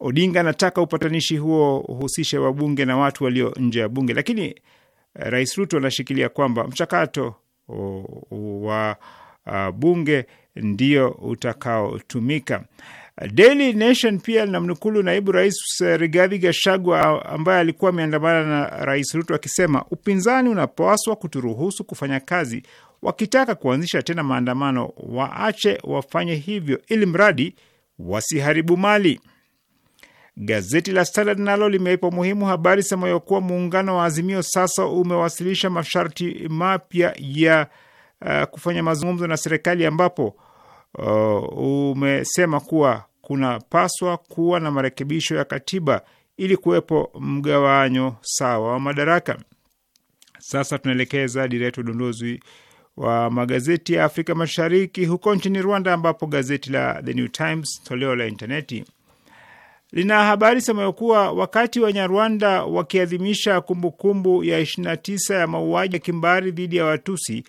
Odinga anataka upatanishi huo uhusishe wabunge na watu walio nje ya bunge, lakini uh, Rais Ruto anashikilia kwamba mchakato wa uh, bunge ndio utakaotumika. Daily Nation pia linamnukulu naibu rais eh, Rigathi Gachagua ambaye alikuwa ameandamana na rais Ruto akisema upinzani unapaswa kuturuhusu kufanya kazi. Wakitaka kuanzisha tena maandamano, waache wafanye hivyo, ili mradi wasiharibu mali. Gazeti la Standard nalo limeipa muhimu habari semayo kuwa muungano wa Azimio sasa umewasilisha masharti mapya ya uh, kufanya mazungumzo na serikali ambapo uh, umesema kuwa kunapaswa kuwa na marekebisho ya katiba ili kuwepo mgawanyo sawa wa madaraka. Sasa tunaelekeza dira yetu udondozi wa magazeti ya Afrika Mashariki, huko nchini Rwanda, ambapo gazeti la The New Times toleo la intaneti lina habari semayo kuwa wakati Wanyarwanda wakiadhimisha kumbukumbu ya 29 ya mauaji ya kimbari dhidi ya Watusi,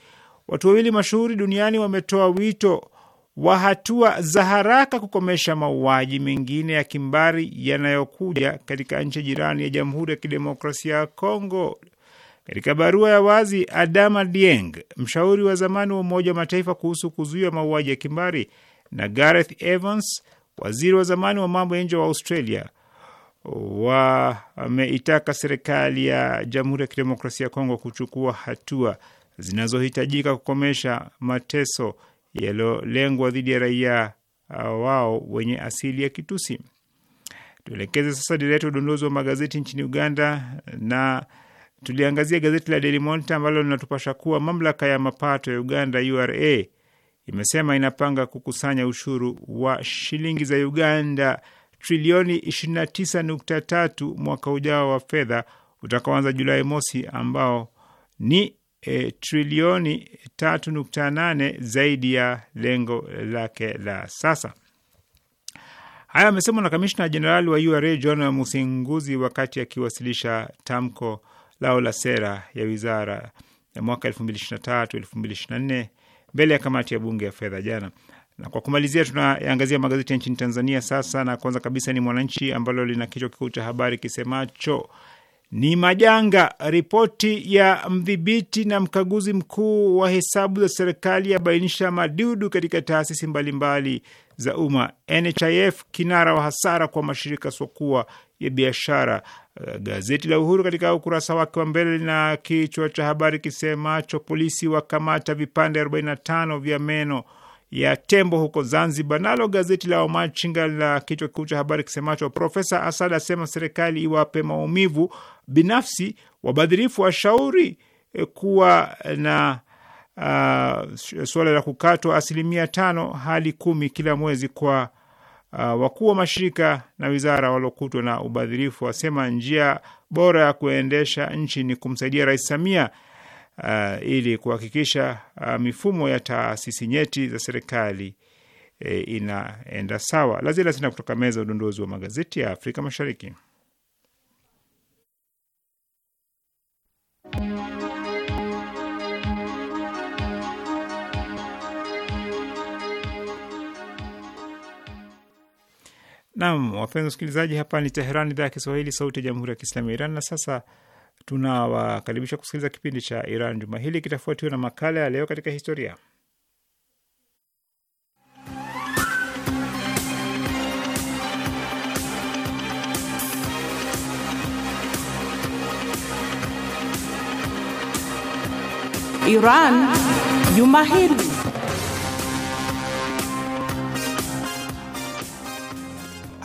watu wawili mashuhuri duniani wametoa wito wa hatua za haraka kukomesha mauaji mengine ya kimbari yanayokuja katika nchi jirani ya Jamhuri ya Kidemokrasia ya Kongo. Katika barua ya wazi, Adama Dieng, mshauri wa zamani wa Umoja wa Mataifa kuhusu kuzuia mauaji ya kimbari, na Gareth Evans Waziri wa zamani wa mambo ya nje wa Australia wameitaka serikali ya Jamhuri ya Kidemokrasia ya Kongo kuchukua hatua zinazohitajika kukomesha mateso yaliyolengwa dhidi ya raia uh, wao wenye asili ya Kitusi. Tuelekeze sasa dira yetu udondozi wa magazeti nchini Uganda, na tuliangazia gazeti la Daily Monitor ambalo linatupasha kuwa mamlaka ya mapato ya Uganda, URA, imesema inapanga kukusanya ushuru wa shilingi za Uganda trilioni 29.3 mwaka ujao wa fedha utakaoanza Julai mosi ambao ni e, trilioni 3.8 zaidi ya lengo lake la sasa. Haya amesemwa na kamishna jenerali wa URA John Musinguzi wakati akiwasilisha tamko lao la sera ya wizara ya mwaka 2023 2024 mbele ya kamati ya bunge ya fedha jana. Na kwa kumalizia, tunaangazia magazeti ya nchini Tanzania sasa, na kwanza kabisa ni Mwananchi ambalo lina kichwa kikuu cha habari kisemacho ni majanga. Ripoti ya mdhibiti na mkaguzi mkuu wa hesabu za serikali yabainisha madudu katika taasisi mbalimbali za umma. NHIF kinara wa hasara kwa mashirika sokua ya biashara. Eh, gazeti la Uhuru katika ukurasa wake wa mbele lina kichwa cha habari kisemacho polisi wakamata vipande 45 vya meno ya tembo huko Zanzibar. Nalo gazeti la Wamachinga la kichwa kikuu cha habari kisemacho Profesa Asad asema serikali iwape maumivu binafsi wabadhirifu, washauri eh, kuwa na uh, suala la kukatwa asilimia tano hadi kumi kila mwezi kwa uh, wakuu wa mashirika na wizara waliokutwa na ubadhirifu wasema njia bora ya kuendesha nchi ni kumsaidia Rais Samia uh, ili kuhakikisha uh, mifumo ya taasisi nyeti za serikali e, inaenda sawa. Lazima sina kutoka meza udondozi wa magazeti ya Afrika Mashariki. Naam, wapenzi wasikilizaji, hapa ni Teheran, idhaa ya Kiswahili, sauti ya jamhuri ya kiislamu ya Iran. Na sasa tunawakaribisha kusikiliza kipindi cha Iran juma hili, kitafuatiwa na makala ya leo katika historia. Iran juma hili.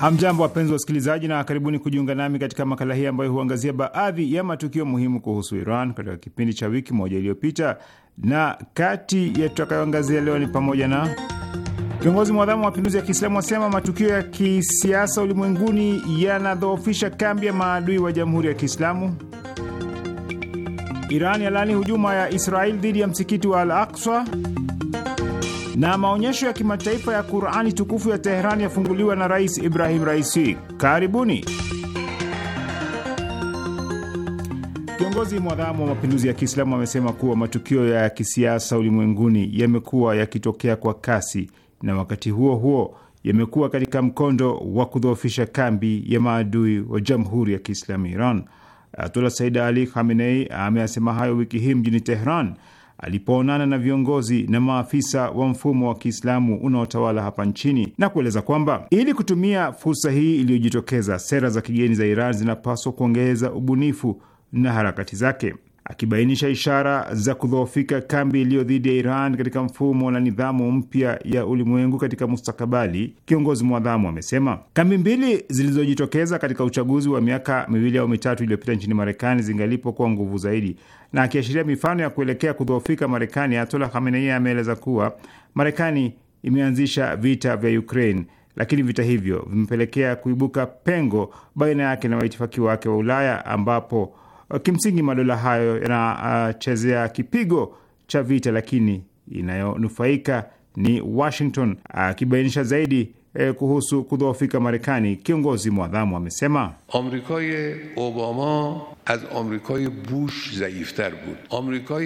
Hamjambo, wapenzi wasikilizaji, na karibuni kujiunga nami katika makala hii ambayo huangazia baadhi ya matukio muhimu kuhusu Iran katika kipindi cha wiki moja iliyopita, na kati ya tutakayoangazia leo ni pamoja na Kiongozi mwadhamu wa mapinduzi ya Kiislamu wasema matukio ya kisiasa ulimwenguni yanadhoofisha kambi ya maadui wa jamhuri ya Kiislamu. Iran yalani hujuma ya Israel dhidi ya msikiti wa Al Aqsa na maonyesho ya kimataifa ya Qurani tukufu ya Teheran yafunguliwa na Rais Ibrahim Raisi. Karibuni. Kiongozi mwadhamu wa mapinduzi ya Kiislamu amesema kuwa matukio ya kisiasa ulimwenguni yamekuwa yakitokea kwa kasi na wakati huo huo yamekuwa katika mkondo wa kudhoofisha kambi ya maadui wa Jamhuri ya Kiislamu Iran. Ayatullah Said Ali Khamenei ameyasema hayo wiki hii mjini Tehran alipoonana na viongozi na maafisa wa mfumo wa Kiislamu unaotawala hapa nchini na kueleza kwamba ili kutumia fursa hii iliyojitokeza, sera za kigeni za Iran zinapaswa kuongeza ubunifu na harakati zake akibainisha ishara za kudhoofika kambi iliyo dhidi ya Iran katika mfumo na nidhamu mpya ya ulimwengu katika mustakabali, kiongozi mwadhamu amesema kambi mbili zilizojitokeza katika uchaguzi wa miaka miwili au mitatu iliyopita nchini Marekani zingalipo kuwa nguvu zaidi. Na akiashiria mifano ya kuelekea kudhoofika Marekani, Ayatollah Khamenei ameeleza kuwa Marekani imeanzisha vita vya Ukraine, lakini vita hivyo vimepelekea kuibuka pengo baina yake na waitifaki wake wa Ulaya ambapo Uh, kimsingi, madola hayo yanachezea uh, kipigo cha vita, lakini inayonufaika ni Washington. Akibainisha uh, zaidi uh, kuhusu kudhoofika Marekani, kiongozi mwadhamu amesema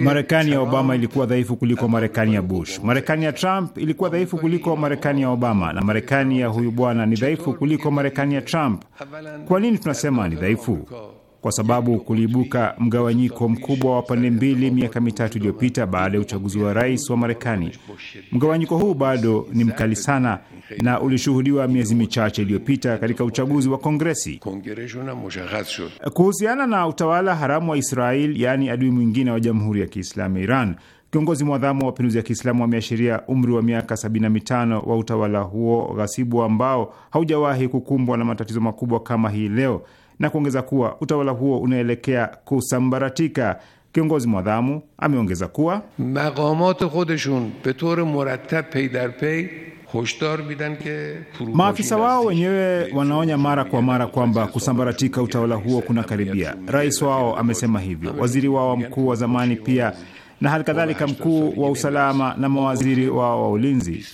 Marekani ya Obama ilikuwa dhaifu kuliko Marekani ya Bush. Marekani ya Trump ilikuwa dhaifu kuliko Marekani ya Obama, na Marekani ya huyu bwana ni dhaifu kuliko Marekani ya Trump. Kwa nini tunasema ni dhaifu? kwa sababu kuliibuka mgawanyiko mkubwa wa pande mbili miaka mitatu iliyopita baada ya uchaguzi wa rais wa Marekani. Mgawanyiko huu bado ni mkali sana na ulishuhudiwa miezi michache iliyopita katika uchaguzi wa Kongresi. Kuhusiana na utawala haramu wa Israel, yaani adui mwingine wa Jamhuri ya Kiislamu ya Iran, Kiongozi mwadhamu wa mapinduzi ya Kiislamu ameashiria umri wa miaka 75 wa utawala huo ghasibu ambao haujawahi kukumbwa na matatizo makubwa kama hii leo na kuongeza kuwa utawala huo unaelekea kusambaratika. Kiongozi mwadhamu ameongeza kuwa maqamat khodeshun betor murattab pey dar pey maafisa wao wenyewe wanaonya mara kwa mara kwamba kusambaratika utawala huo kuna karibia. Rais wao amesema hivyo, waziri wao mkuu wa zamani pia na hali kadhalika mkuu wa usalama na mawaziri wao wa ulinzi.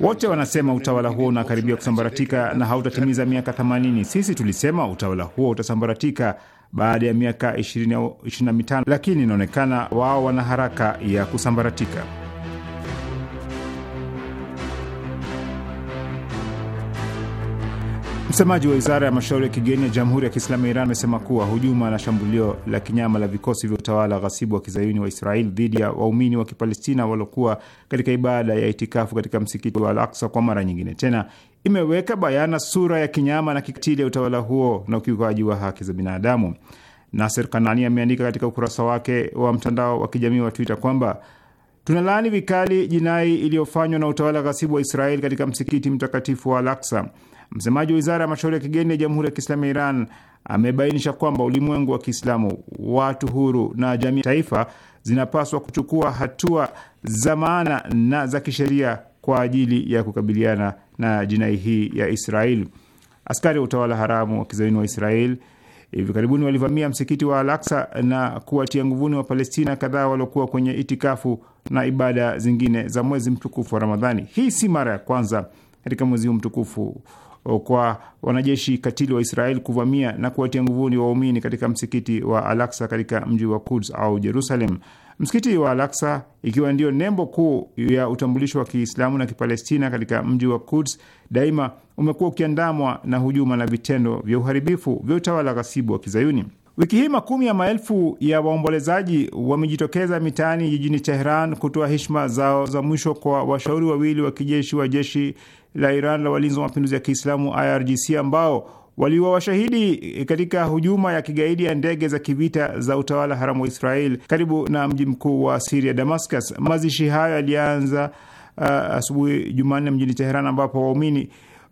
Wote wanasema utawala huo unakaribia kusambaratika na hautatimiza miaka 80. Sisi tulisema utawala huo utasambaratika baada ya miaka 20 au 25, lakini inaonekana wao wana haraka ya kusambaratika. Msemaji wa wizara ya mashauri ya kigeni ya Jamhuri ya Kiislamu ya Iran amesema kuwa hujuma na shambulio la kinyama la vikosi vya utawala ghasibu wa kizayuni wa Israeli dhidi ya waumini wa Kipalestina waliokuwa katika ibada ya itikafu katika msikiti wa Al-Aqsa kwa mara nyingine tena imeweka bayana sura ya kinyama na kikatili ya utawala huo na ukiukaji wa haki za binadamu. Naser Kanani ameandika katika ukurasa wake wa mtandao wa kijamii wa Twitter kwamba tunalaani vikali jinai iliyofanywa na utawala ghasibu wa Israeli katika msikiti mtakatifu wa Al-Aqsa Msemaji wa wizara ya mashauri ya kigeni ya Jamhuri ya Kiislamu ya Iran amebainisha kwamba ulimwengu wa Kiislamu, watu huru na jamii taifa zinapaswa kuchukua hatua za maana na za kisheria kwa ajili ya kukabiliana na jinai hii ya Israel. Askari wa utawala haramu wa kizayuni wa Israel hivi karibuni walivamia msikiti wa Alaksa na kuwatia nguvuni wa Palestina kadhaa waliokuwa kwenye itikafu na ibada zingine za mwezi mtukufu wa Ramadhani. Hii si mara ya kwanza katika mwezi huu mtukufu kwa wanajeshi katili wa Israeli kuvamia na kuwatia nguvuni waumini katika msikiti wa alaksa katika mji wa kuds au Jerusalem. Msikiti wa alaksa ikiwa ndio nembo kuu ya utambulisho wa Kiislamu na Kipalestina katika mji wa kuds daima umekuwa ukiandamwa na hujuma na vitendo vya uharibifu vya utawala ghasibu wa Kizayuni. Wiki hii makumi ya maelfu ya waombolezaji wamejitokeza mitaani jijini Tehran kutoa heshima zao za mwisho kwa washauri wawili wa kijeshi wa jeshi la Iran la walinzi wa mapinduzi ya Kiislamu IRGC ambao waliwa washahidi katika hujuma ya kigaidi ya ndege za kivita za utawala haramu wa Israel karibu na mji mkuu wa Siria, Damascus. Mazishi hayo yalianza uh, asubuhi Jumanne mjini Teheran ambapo waumini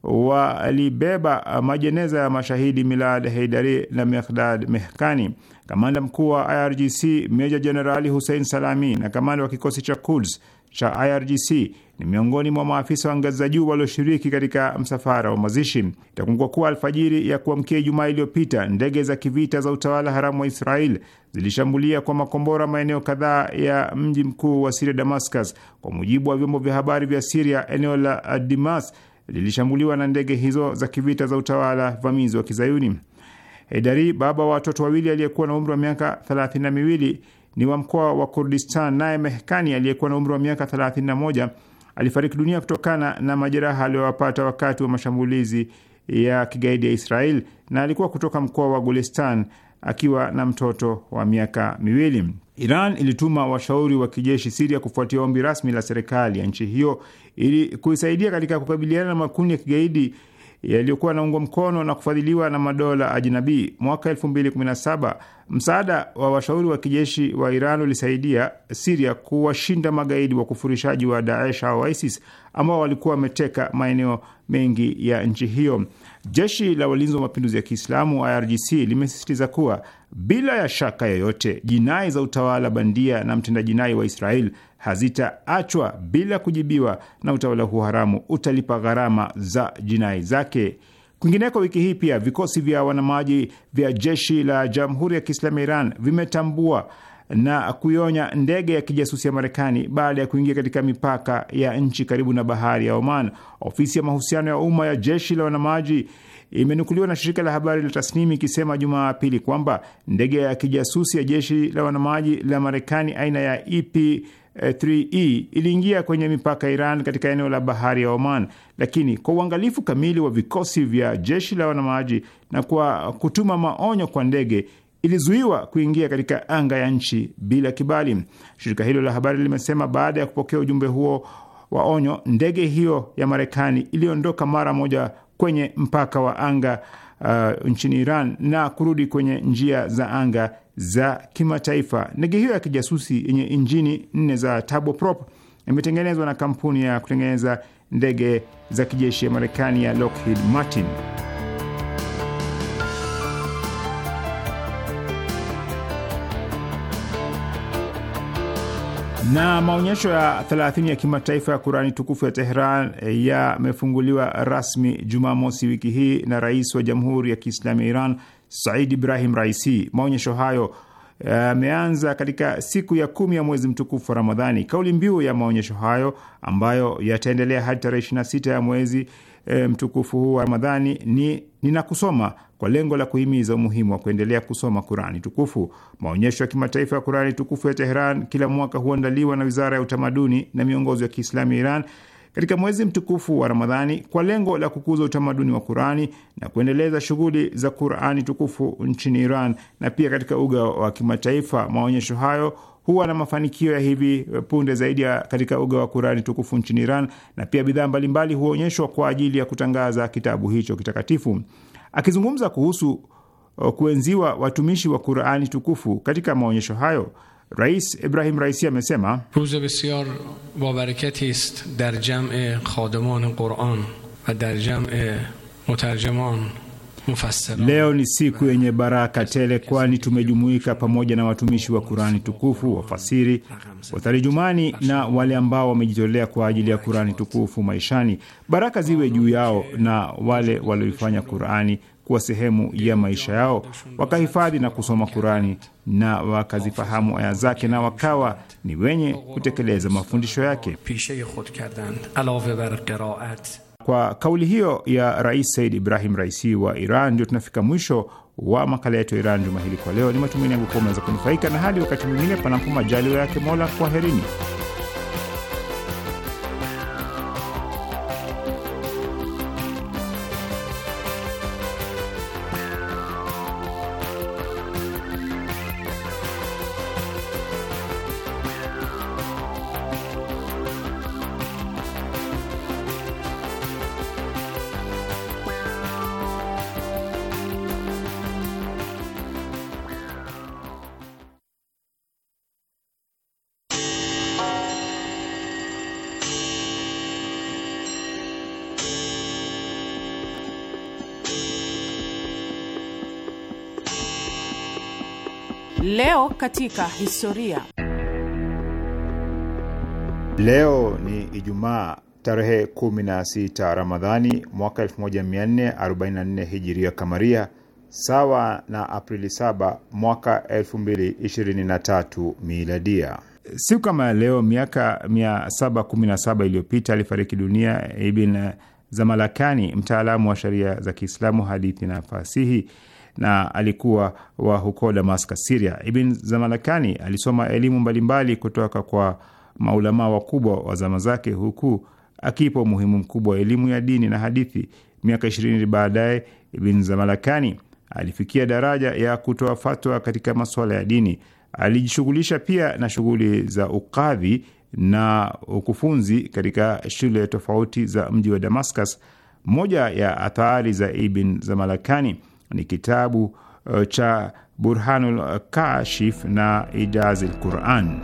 walibeba majeneza ya mashahidi Milad Heidari na mehdad Mehkani. Kamanda mkuu wa IRGC meja jenerali Hussein Salami na kamanda wa kikosi cha Quds cha IRGC ni miongoni mwa maafisa wa ngazi za juu walioshiriki katika msafara wa mazishi. Itakumbukwa kuwa alfajiri ya kuamkia Ijumaa iliyopita ndege za kivita za utawala haramu wa Israel zilishambulia kwa makombora maeneo kadhaa ya mji mkuu wa Siria, Damascus. Kwa mujibu wa vyombo vya habari vya Siria, eneo la Damascus lilishambuliwa na ndege hizo za kivita za utawala vamizi wa Kizayuni. Heidari, baba wa watoto wawili, aliyekuwa na umri wa miaka thelathini na miwili ni wa mkoa wa Kurdistan, naye Mehkani aliyekuwa na umri wa miaka thelathini na moja alifariki dunia kutokana na majeraha aliyowapata wakati wa mashambulizi ya kigaidi ya Israel na alikuwa kutoka mkoa wa Gulistan akiwa na mtoto wa miaka miwili. Iran ilituma washauri wa kijeshi Siria kufuatia ombi rasmi la serikali ya nchi hiyo ili kuisaidia katika kukabiliana na makundi ya kigaidi yaliyokuwa naungwa mkono na kufadhiliwa na madola ajinabii. Mwaka 2017 msaada wa washauri wa kijeshi wa Iran ulisaidia Siria kuwashinda magaidi wa kufurishaji wa Daesh au ISIS ambao walikuwa wameteka maeneo mengi ya nchi hiyo. Jeshi la Walinzi wa Mapinduzi ya Kiislamu IRGC limesisitiza kuwa bila ya shaka yoyote jinai za utawala bandia na mtenda jinai wa Israel hazitaachwa bila kujibiwa, na utawala huu haramu utalipa gharama za jinai zake. Kwingineko, wiki hii pia vikosi vya wanamaji vya jeshi la Jamhuri ya Kiislamu ya Iran vimetambua na kuionya ndege ya kijasusi ya Marekani baada ya kuingia katika mipaka ya nchi karibu na bahari ya Oman. Ofisi ya mahusiano ya umma ya jeshi la wanamaji imenukuliwa na shirika la habari la Tasnimi ikisema Jumapili kwamba ndege ya kijasusi ya jeshi la wanamaji la Marekani aina ya EP3E e iliingia kwenye mipaka ya Iran katika eneo la bahari ya Oman, lakini kwa uangalifu kamili wa vikosi vya jeshi la wanamaji na kwa kutuma maonyo kwa ndege ilizuiwa kuingia katika anga ya nchi bila kibali. Shirika hilo la habari limesema baada ya kupokea ujumbe huo wa onyo, ndege hiyo ya Marekani iliondoka mara moja kwenye mpaka wa anga uh, nchini Iran na kurudi kwenye njia za anga za kimataifa. Ndege hiyo ya kijasusi yenye injini nne za turboprop imetengenezwa na kampuni ya kutengeneza ndege za kijeshi ya Marekani ya Lockheed Martin. Na maonyesho ya 30 ya kimataifa ya Kurani tukufu ya Tehran yamefunguliwa rasmi Jumamosi wiki hii na rais wa Jamhuri ya Kiislamu ya Iran Said Ibrahim Raisi. Maonyesho hayo eh, yameanza katika siku ya kumi ya mwezi mtukufu wa Ramadhani. Kauli mbiu ya maonyesho hayo ambayo yataendelea hadi tarehe 26 ya mwezi e, mtukufu huu wa Ramadhani ni ninakusoma kwa lengo la kuhimiza umuhimu wa kuendelea kusoma Qurani tukufu. Maonyesho ya kimataifa ya Qurani tukufu ya Teheran kila mwaka huandaliwa na Wizara ya Utamaduni na Miongozo ya Kiislamu ya Iran katika mwezi mtukufu wa Ramadhani kwa lengo la kukuza utamaduni wa Qurani na kuendeleza shughuli za Qurani tukufu nchini Iran na pia katika uga wa kimataifa. Maonyesho hayo huwa na mafanikio ya hivi eh, punde zaidi ya katika uga wa Kurani tukufu nchini Iran, na pia bidhaa mbalimbali huonyeshwa kwa ajili ya kutangaza kitabu hicho kitakatifu. Akizungumza kuhusu eh, kuenziwa watumishi wa Qurani tukufu katika maonyesho hayo, Rais Ibrahim Raisi amesema ruze dar jame khadaman quran va dar jame mutarjiman Leo ni siku yenye baraka tele, kwani tumejumuika pamoja na watumishi wa Kurani tukufu, wafasiri, watarijumani na wale ambao wamejitolea kwa ajili ya Kurani tukufu maishani. Baraka ziwe juu yao na wale walioifanya Kurani kuwa sehemu ya maisha yao, wakahifadhi na kusoma Kurani na wakazifahamu aya zake na wakawa ni wenye kutekeleza mafundisho yake. Kwa kauli hiyo ya Rais Said Ibrahim Raisi wa Iran, ndio tunafika mwisho wa makala yetu ya Iran juma hili kwa leo. Ni matumaini yangu kuwa umeweza kunufaika, na hadi wakati mwingine, panapo majaliwa yake Mola, kwaherini. Leo katika historia. Leo ni Ijumaa tarehe 16 Ramadhani mwaka 1444 hijiria kamaria, sawa na Aprili 7 mwaka 2023 miladia. Siku kama ya leo miaka 717 iliyopita alifariki dunia Ibn Zamalakani, mtaalamu wa sheria za Kiislamu, hadithi na fasihi na alikuwa wa huko Damascus, Siria. Ibn Zamalakani alisoma elimu mbalimbali kutoka kwa maulamaa wakubwa wa zama zake, huku akipa umuhimu mkubwa wa elimu ya dini na hadithi. Miaka ishirini baadaye Ibn Zamalakani alifikia daraja ya kutoa fatwa katika masuala ya dini. Alijishughulisha pia na shughuli za ukadhi na ukufunzi katika shule tofauti za mji wa Damascus. Moja ya athari za Ibn Zamalakani ni kitabu uh, cha Burhanul Kashif na Ijazil Quran.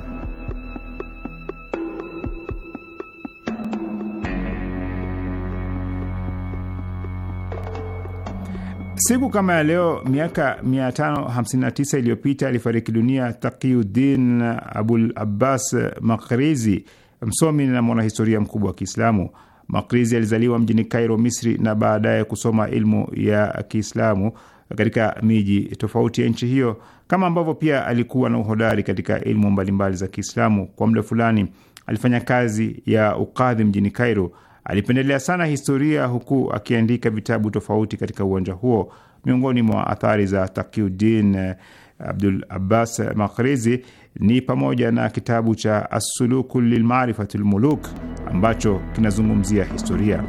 Siku kama ya leo miaka 559 iliyopita alifariki dunia Taqiyuddin Abul Abbas Makrizi, msomi na mwanahistoria mkubwa wa Kiislamu. Makrizi alizaliwa mjini Cairo, Misri, na baadaye kusoma ilmu ya Kiislamu katika miji tofauti ya nchi hiyo, kama ambavyo pia alikuwa na uhodari katika ilmu mbalimbali za Kiislamu. Kwa muda fulani alifanya kazi ya ukadhi mjini Cairo. Alipendelea sana historia, huku akiandika vitabu tofauti katika uwanja huo. Miongoni mwa athari za Takiuddin eh, Abdul Abbas Makrizi ni pamoja na kitabu cha Assuluku Lilmarifatil ambacho kinazungumzia historia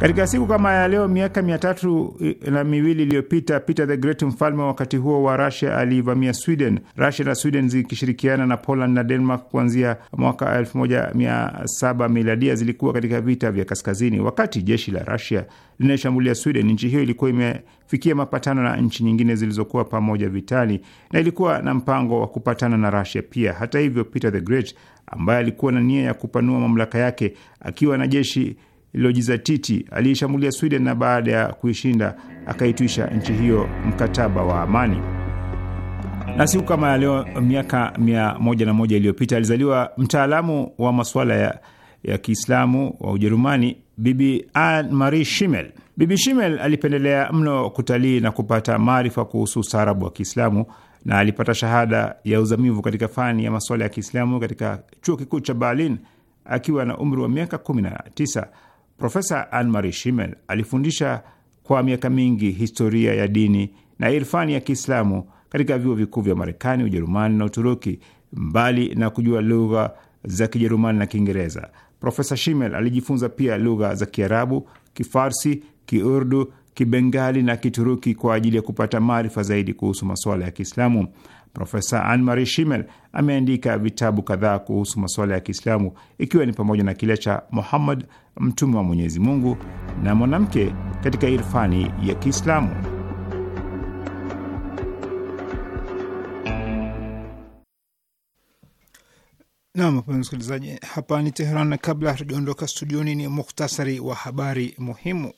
Katika siku kama ya leo miaka mia tatu eh, na miwili iliyopita Peter the Great, mfalme wa wakati huo wa rasia aliivamia Sweden. rusia na Sweden zikishirikiana na Poland na Denmark kuanzia mwaka 1700 miladia zilikuwa katika vita vya kaskazini. Wakati jeshi la rasia linayoshambulia Sweden, nchi hiyo ilikuwa imefikia mapatano na nchi nyingine zilizokuwa pamoja vitali na ilikuwa na mpango wa kupatana na rasia pia. Hata hivyo, Peter the Great ambaye alikuwa na nia ya kupanua mamlaka yake akiwa na jeshi lililojizatiti aliyeshambulia Sweden na baada ya kuishinda akaitwisha nchi hiyo mkataba wa amani. Na siku kama ya leo miaka mia moja na moja iliyopita alizaliwa mtaalamu wa masuala ya, ya Kiislamu wa Ujerumani Bibi Anne Marie Schimmel. Bibi Schimmel alipendelea mno kutalii na kupata maarifa kuhusu ustaarabu wa Kiislamu na alipata shahada ya uzamivu katika fani ya masuala ya Kiislamu katika chuo kikuu cha Berlin akiwa na umri wa miaka 19. Profesa Anmari Shimel alifundisha kwa miaka mingi historia ya dini na irfani ya Kiislamu katika vyuo vikuu vya Marekani, Ujerumani na Uturuki. Mbali na kujua lugha za Kijerumani na Kiingereza, Profesa Shimel alijifunza pia lugha za Kiarabu, Kifarsi, Kiurdu, Kibengali na Kituruki kwa ajili ya kupata maarifa zaidi kuhusu masuala ya Kiislamu. Profesa Anmari Shimel ameandika vitabu kadhaa kuhusu masuala ya Kiislamu, ikiwa ni pamoja na kile cha Muhammad mtume wa Mwenyezi Mungu na mwanamke katika irfani ya Kiislamu. Nam, msikilizaji, hapa ni Teheran, na kabla hatujaondoka studioni, ni muhtasari wa habari muhimu.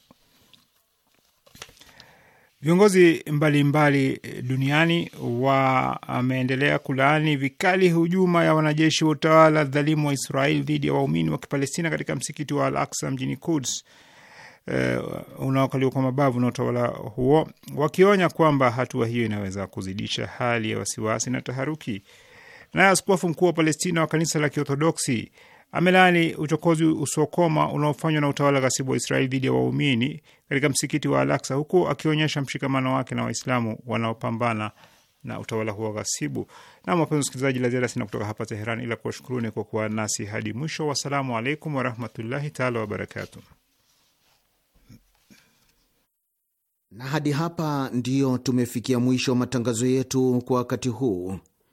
Viongozi mbalimbali eh, duniani wameendelea kulaani vikali hujuma ya wanajeshi wa utawala dhalimu wa Israeli dhidi ya waumini wa Kipalestina katika msikiti wa Al Aksa mjini Kuds uh, eh, unaokaliwa kwa mabavu na utawala huo, wakionya kwamba hatua hiyo inaweza kuzidisha hali ya wasiwasi na taharuki. Naye askofu mkuu wa Palestina wa kanisa la Kiorthodoksi amelaani uchokozi usiokoma unaofanywa na utawala ghasibu wa Israeli dhidi ya waumini katika msikiti wa Alaksa, huku akionyesha mshikamano wake na Waislamu wanaopambana na utawala huo ghasibu. Na wapenzi wasikilizaji, la ziada sina kutoka hapa Teheran ila kuwashukuruni kwa kuwa nasi hadi mwisho. Wassalamu alaikum warahmatullahi taala wabarakatu Na hadi hapa ndiyo tumefikia mwisho wa matangazo yetu kwa wakati huu.